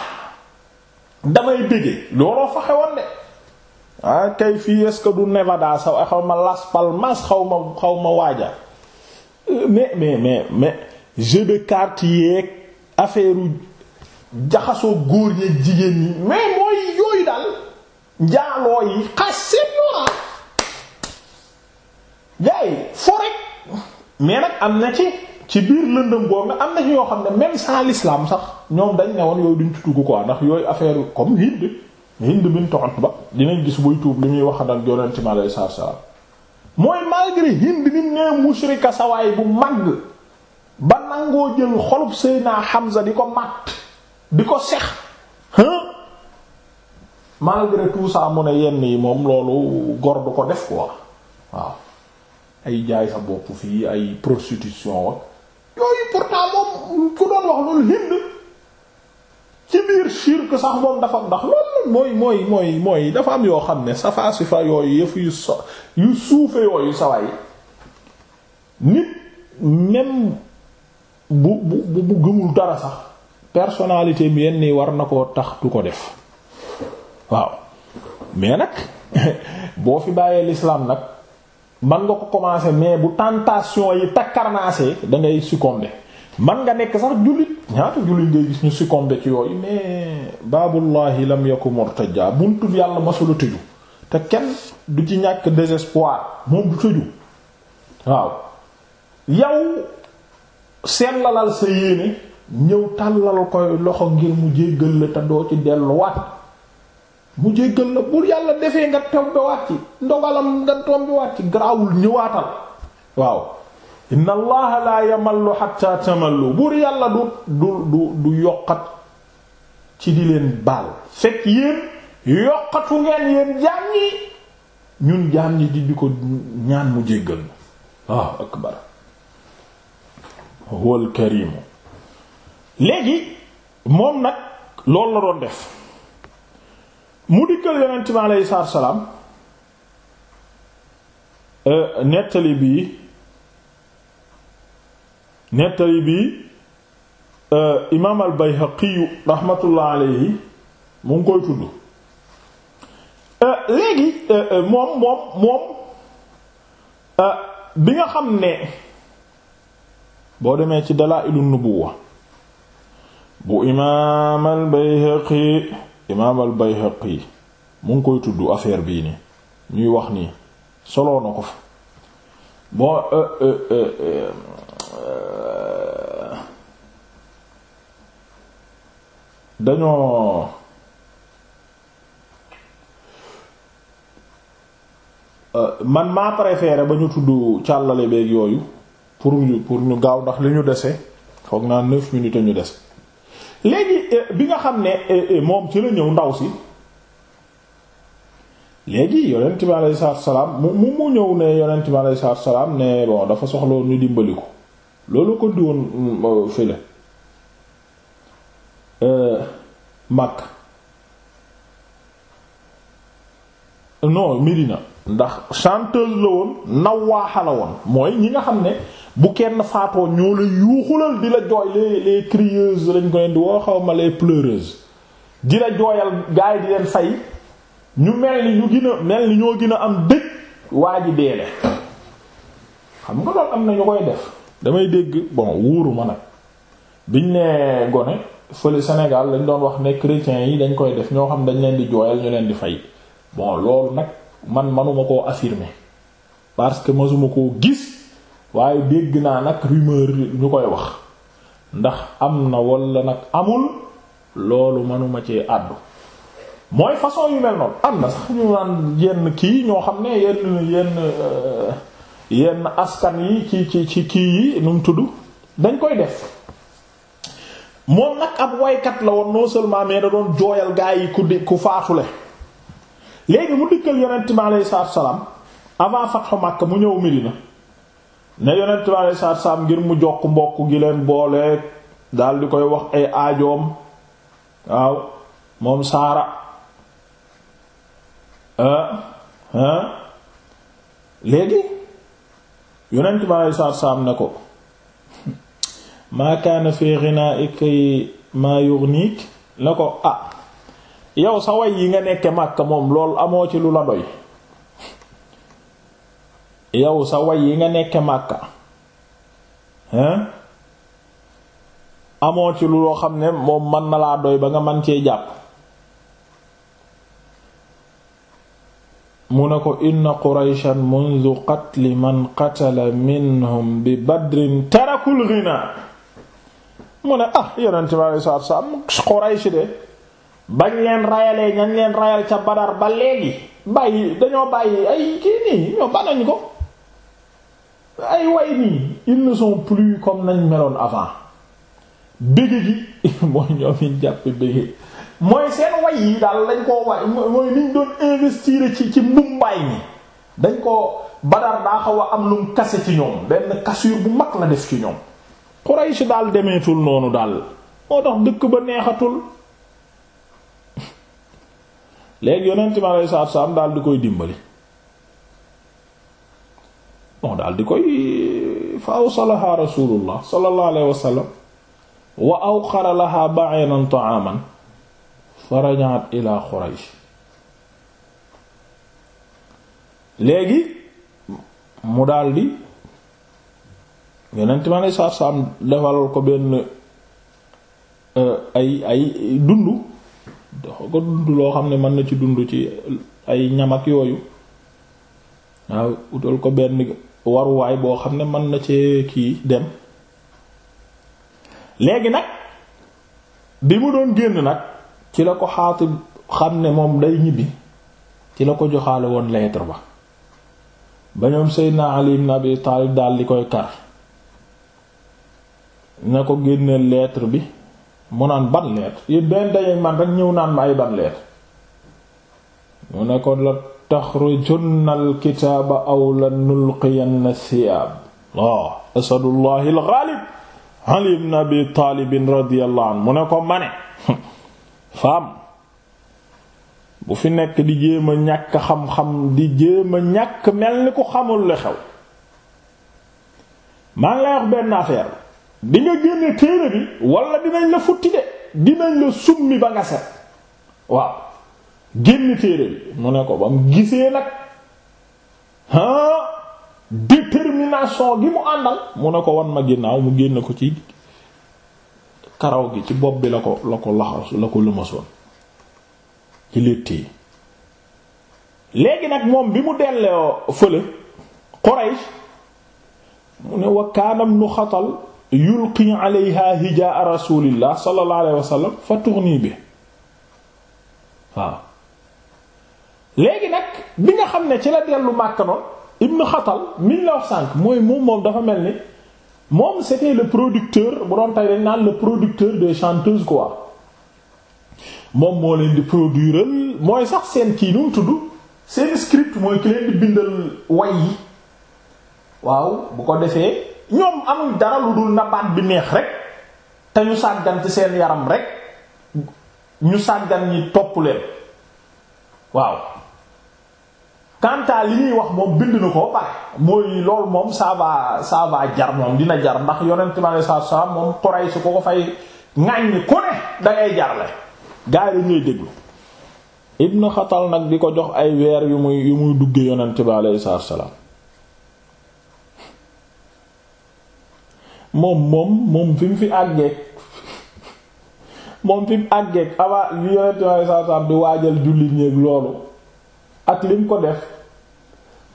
damay bëgge looloo fa xewoon de ah kay fii est-ce que du Nevada sa xaw ma Las Palmas xaw ma xaw ma waaja euh, mais mais mais mais jeu de cartes yeeg affaire jaxasoo góor ñeeg jigéen ñi mais mooy yooyu daal njaaloo yi xas seen yoonal gars yi fo rek nag am na ci ci biir lëndëm boobu am na ci yoo xam ne même sans l'islam sax ñoom dañ ne woon yooyu duñ ci dugg quoi ndax yooyu affaire comme Hind. Hind bint Utba dinañ gis buy tuub li muy wax nag yonent mi alayhi salaatu salaam mooy malgré Hind ni mu nee mushrika sawaay bu màgg ba nangoo jël xolub Seydina Hamza di ko màtt di ko sex malgré tout ça mu ne yenn yi moom loolu góor du ko def quoi waaw ay jaay sa bopp fii ay prostitution wa yooyu pourtant moom ku doon wax loolu Hind ci biir shirk sax moom dafa ndax loolu mooy mooy mooy mooy dafa am yoo xam ne safa si fa yooyu yëf yu so yu suufe yooyu saway nit même bu bu bu gëmul dara sax personnalité bi yenn war na koo tax du ko def waaw mais nag (laughs) boo fi bàyyee lislaam nag man nga ko commencer mais bu tentation yi takkarnaasee da ngay succomber man nga nekk sax jullit ñaata jullit ngay gis ñu succomber ci yooyu mais baabullahi lam yaku murtaja buntub yàlla masula tëju te kenn du ci ñàkk désespoir moom du tëju waaw yow seen sa yéene ñëw tàllal koy loxo ngir mu jéggal la te doo ci delluwaat mu jéggal la bu yàlla defee nga tombewaat ci ndogalam nga tombewaat ci garaawul ñëwaatal waaw inna laa yamallu hatta tamallu buur yàlla du du du du yokkat ci di leen baal fekk yéen yokkatu ngeen yéen jaam ñi ñun jaam ñi di ko ñaan mu jéggal na waaw akbar huwal karimu léegi moom nag loolu la doon def mu dikkal yonent bi aleyhi salaatu wa salaam euh, nettali bii nettali bi euh, imaam al Bayhaqi rahmatullah alayhi mu ngi koy tudd euh, léegi euh, moom moom moom bi nga xam ne boo demee ci Dalaa'ilun Nubuwwa bu imaam al Bayhaqi imaam al Bayhaqi mu ngi koy tudd affaire bii nii ñuy wax nii soloo ko fa bon Euh, dañoo euh, man maa préféré ba ñu tudd càllale beeg yooyu pour ñu pour ñu gaaw ndax li ñu dese foog naa neuf minutes ñu des léegi euh, bi nga xam ne moom ci la ñëw ndaw si léegi yonent bi alayhi salaatu wa salaam mu mu ñëw ne yonent bi alayhi salaatu salaam ne dafa soxla woon ñu dimbali loolu ko diwoon mm, fële euh, Makka non Medina ndax chanteuse la woon nawaaxa la woon mooy ñi nga xam ne bu kenn faatoo ñoo la yuuxulal di la jooy les les crieuses lañ ko leen di woo xaw ma les pleureuses di la jooyal gars di leen fay ñu mel ni ñu gën a mel ni ñoo gën am dëj waa ji xam nga loolu am na ñu koy def damay dégg bon wuuru ma nag biñ nee gone fële Sénégal lañ doon wax ne chrétiens yi dañ koy def ñoo xam dañ leen di jooyal ñu leen di fay bon loolu nag man manuma koo affirmer parce que masuma koo gis waaye dégg naa nag rumeur ñu koy wax ndax am na wala nag amul loolu manuma ci àddu mooy façon yu mel noonu am na sax ñu naan yenn kii ñoo xam ne yenn yenn euh, yenn askan yi ci ci ci kii yi nu mu tudd dañ koy def moom nag ab waykat la woon non seulement mais da doon jooyal gaa yi ku di ku faatule léegi mu dikkal yonent bi aleyhi salaatu salaam avant fatxu Makka mu ñëw Medina ne yonent bi aleyhi salaatu salaam ngir mu jokk mbokk gi leen boole daal di koy wax ay aajoom waaw moom saara ah, ah. léegi yonent bi alei salaatu salaam ne ko maa kaana fi ghinaa'ika maa yughniik ne ko ah yow sa way yi nga nekke Makka moom lool amoo ci lu la doy yow sa way yi nga nekke Makka hein amoo ci lu loo xam ne moom mën na laa doy ba nga man cee jàpp mu ne ko inna qurayshan mundu qatli man qatala minhum bi badrin tarakul ghina mu ne ah yonente bi alei salatu salaam quraysh de bañ leen rayalee ñañ leen rayal ca badar ba léegi bàyyi dañoo bàyyi ay kii nii ñoo banañ ko ay way nii ils ne sont plus comme nañ meloon avant bëgg gi (laughs) mooy ñoom it jàpp bëgg mooy seen way yi daal lañ koo way mooy niñ doon investir ci mbumbaay mi dañ ko Badar daa am lum kase ci ñoom benn cassure bu mag la def ci ñoom Quraysh daal demeetul noonu daal moo tax dëkk ba neexatul (laughs) léegi yonent ma lay saab saab daal di koy dimbali bon daal di koy fa awsalaha rasulullah sallallahu alayhi wa sallam wa awqara laha ta'aman fa rajaat ila léegi mu daldi yonent ma ne saar saam defalal ko benn eh, ay ay dund dafa ko dund loo xam ne mën na ci dund ci ay ñam yooyu waaw utal ko benn waruwaay boo xam ne mën na ci kii dem léegi nag bi mu doon génn nag ci la ko xaatib xam ne moom day ñibbi ci la ko joxaale woon lettre ba ba ñoom Seydina Ali ibn Abi Taalib daal di koy kar ne ko génneel lettre bi mu naan ban lettre yéen benn dañuy man rek ñëw naan ma ay ban lettre mu ne ko la taxrujunna alkitaaba aw la nulqiyanna siyaab ah, asadullahi alxaalib Ali ibn Abi Taalib radiyallahu anhu mu ne ko mane femme bu fi nekk di jéem a ñàkk xam-xam di jéem ñàkk mel ni ku xamul li xew maa ngi lay benn affaire di nga génne téere bi walla dinañ la futti de dinañ la summi ba nga set waaw génn téere bi mu ne ko bam gisee nag ah détermination gi mu àndal mu ne ko won ma ginnaaw mu génn ko ci karaw gi ci bopp bi la ko la ko laxas la ko lëmasoon ci létt yi léegi nag moom bi mu delloo fële Quraysh mu ne wa kaanam nu xatal yulqi alayha hijaa rasulillah sallallahu alayhi wa sallam fa tughni bi waaw léegi nag bi nga xam ne ci la dellu Màkka noonu ibnu xatal miñ la wax mooy moom moom dafa mel ni moom c'était le producteur bu doon tey dañ naan le producteur des chanteuses quoi moom moo leen di produire mooy sax seen kii nu tudd seen script mooy ki leen di bindal way yi waaw bu ko defee ñoom amul dara lu dul nabaat bi neex rek te ñu sàggan seen yaram rek ñu sàggan ñi topp leen waaw quant à li ñuy wax moom bind na ko pare mooy lool moom ça saaba ça jar moom dina jar ndax yonent bi alei satu salaam moom Quraysh ko ko fay ŋàññ ku Xatal nag di ko jox ay weer yu muy yu muy dugge yonent bi aleyhi salaatu moom moom moom fi mu moom fi mu àggeeg yonent bi aleyhi salaatu salaam di waajal jullit ñéeg loolu ak lim ko def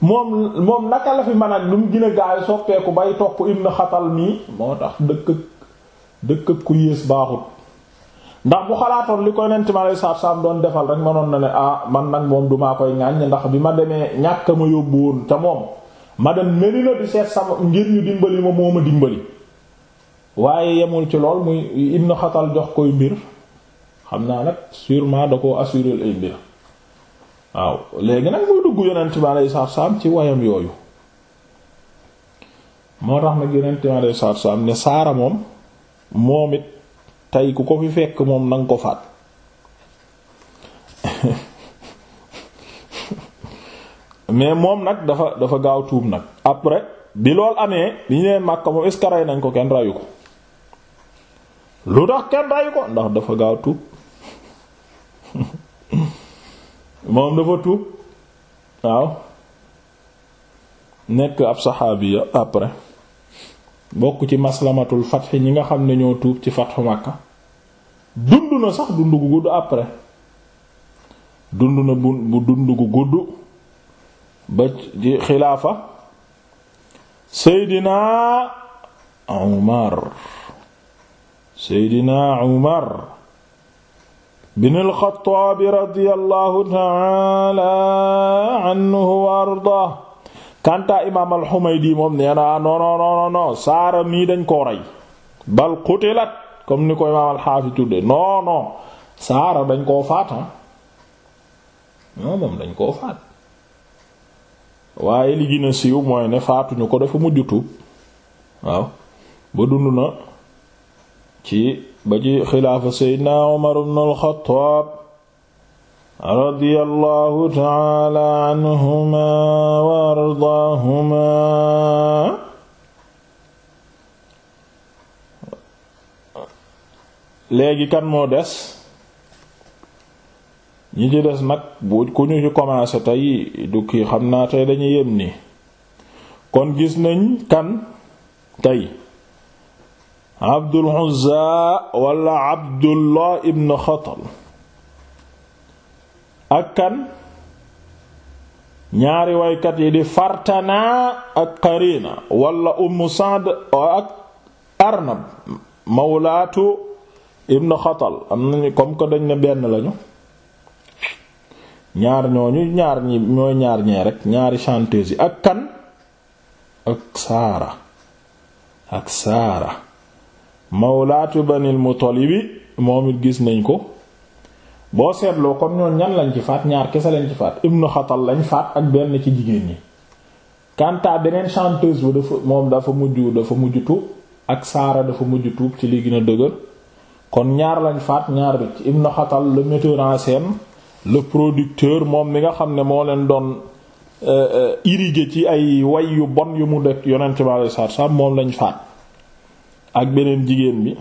moom moom naka la fi mën a lu mu gën a gaayu soppeeku bay topp ibn xatal mii moo tax dëkk dëkk ku yées baaxut ndax bu xalaatoon li koy nent ma lay saab saab doon defal rek manoon na ne ah man nag moom dumaa koy ŋàññ ndax bi ma demee ñàkk ma yóbbu woon ca moom ma dem melina di seet sama ngir ñu dimbali ma moo ma dimbali waaye yemul ci lool muy ibn xatal jox koy mbir xam naa nag sûrement da ko assuré ay mbir waaw léegi nag muy dugg yonent bi alayhi salaatu salaam ci wayam yooyu moo tax nag yonent bi alayhi ne saara moom moom it tey ku ko fi fekk moom nag ko faat (laughs) mais moom nag dafa dafa gaaw tuub nag après bi lool amee bi ñu leen Makka moom est nañ ko kenn reyu ko lu tax kenn reyu ko ndax dafa gaaw tuub (laughs) moom dafa tuub waaw nekk ab saxaabi après bokk ci maslamatul fatxi ñi nga xam ne ñoo tuub ci fatxu Makka dund na sax dund gu gudd après dund na bu dund gu gudd ba ci xilaafa Seydina Umar Seydina Umar bin al-Xattaab radiyallahu ta'ala anhu kanta imaam al moom nee na ah, non non non saara mii dañ koo rey bal qutilat comme ni ko imaam al-Haafiz tudde non non saara dañ koo faat ah. non moom dañ koo faat waaye li siiw mooy ne faatuñu ko dafa mujj waaw ba dund na ci ba ci xilaafa seydna Umar ibn al-Xattaab radiyallahu taala anhuma wa ardaahuma léegi kan moo des ñi ci des nag bu ku ñu ci commencé tey du xam naa tey dañu yem ni kon gis nañ kan tey Abdul Uzza wala Abdullah ibn Xatal ak kan ñaari waykat yi di Fartana ak Qarina walla Umm Sa'd ak Arnab mawlaatu ibn Xatal am nañu comme que dañ ne benn lañu ñaar ñooñu ñaar ñi ñaar ñee rek ñaari chanteuse yi ak kan ak Saara ak Saara mawlaatu banil muttalibi moom it gis nañ ko boo seetloo kon ñoom ñan lañ ci faat ñaar kese lañ ci faat ibnu xatal lañ faat ak benn ci jigéen ñi kanta beneen chanteuse bu dafa moom dafa mujj dafa mujj tuub ak saara dafa mujj tuub ci li gën dëgër kon ñaar lañ faat ñaar bi ci ibnu xatal le metteur en scène le producteur moom mi nga xam ne moo leen doon euh, euh, irrigué ci ay way yu bon yu mu de yonent bi sallallahu alayhi moom lañ faat ak beneen jigéen bi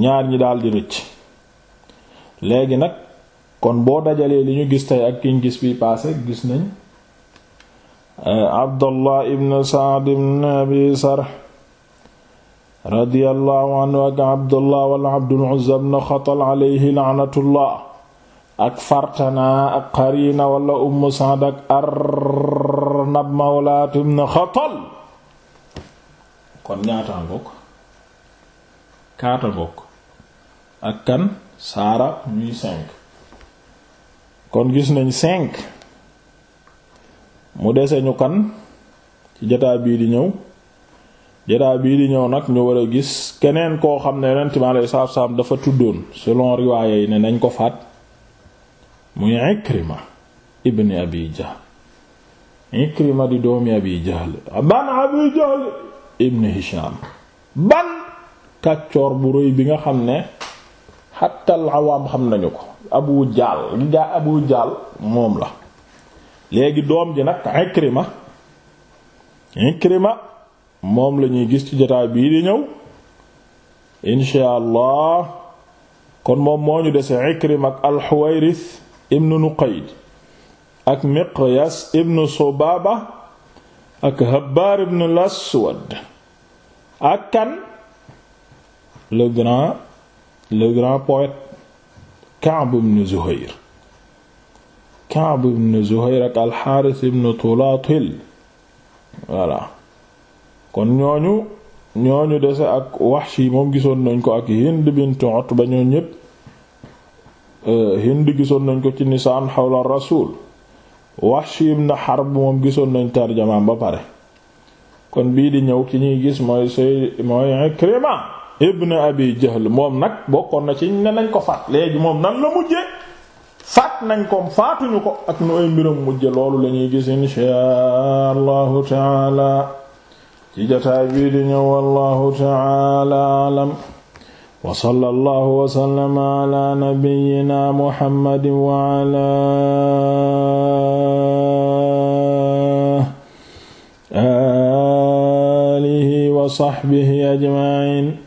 ñaar ñi daldi rëcc léegi nag kon boo dajalee li ñu gis tey ak kiñ gis bi paase gis nañ euh, abdallah ibn saad ibn abi sarh radiyallahu anhu ak abdullah wala abdul uzza ibn xatal ak fartana ak qarina wala umm saad ak arnab mawlaat ibn xatal kon ñaataangook kaata bokk ak kan saara ñuy cinq kon gis nañ cinq mu dese ñu kan ci jotaay bii di ñëw jotaay bii di ñëw nag ñu war a gis keneen koo xam ne yonent bi dafa tuddoon selon riwaaya yi ne nañ ko faat muy Ikrima ibn Abi Jahl di doomi Abi Jahl ban Abi Jahl ibn Hisham kàccoor bu rëy bi nga xam ne hatta awaam xam nañu ko abu jaal gi gaa abu jaal moom la léegi doom ji nag Ikrima Ikrima moom la gis ci jotaay bii di ñëw insha allah kon moom moo ñu dese Ikrima ak al-Huwayrith ibn ak Miqyas ibn Subaba ak Habbar ibn al ak kan le grand le grand poète Ka'b ibn Zuhayr Ka'b ak al-Harith Tulatil voilà kon ñooñu ñooñu dese ak Wahshi moom gisoon nañ ko ak Hind bint ba ñoo ñépp euh, Hind gisoon nañ ko ci nisaan xawla rasul Wahshi ibn Harb moom gisoon nañ tarjamaam ba pare kon bii di ñëw ki ñuy gis mooy say mooy Ikrima ibn abi jahl moom nag bokkoon na ci ne nañ ko faat léegi moom nan la mujje faat nañ ko faatuñu ko ak nu ay mbiram mujje loolu la ñuy gis inshaa allahu taala ci jataay bii di ñëw wallahu taala alam wa sallallahu wa sallama ala nabiyyina muhammadin wa ala alihi wa sahbihi ajma'in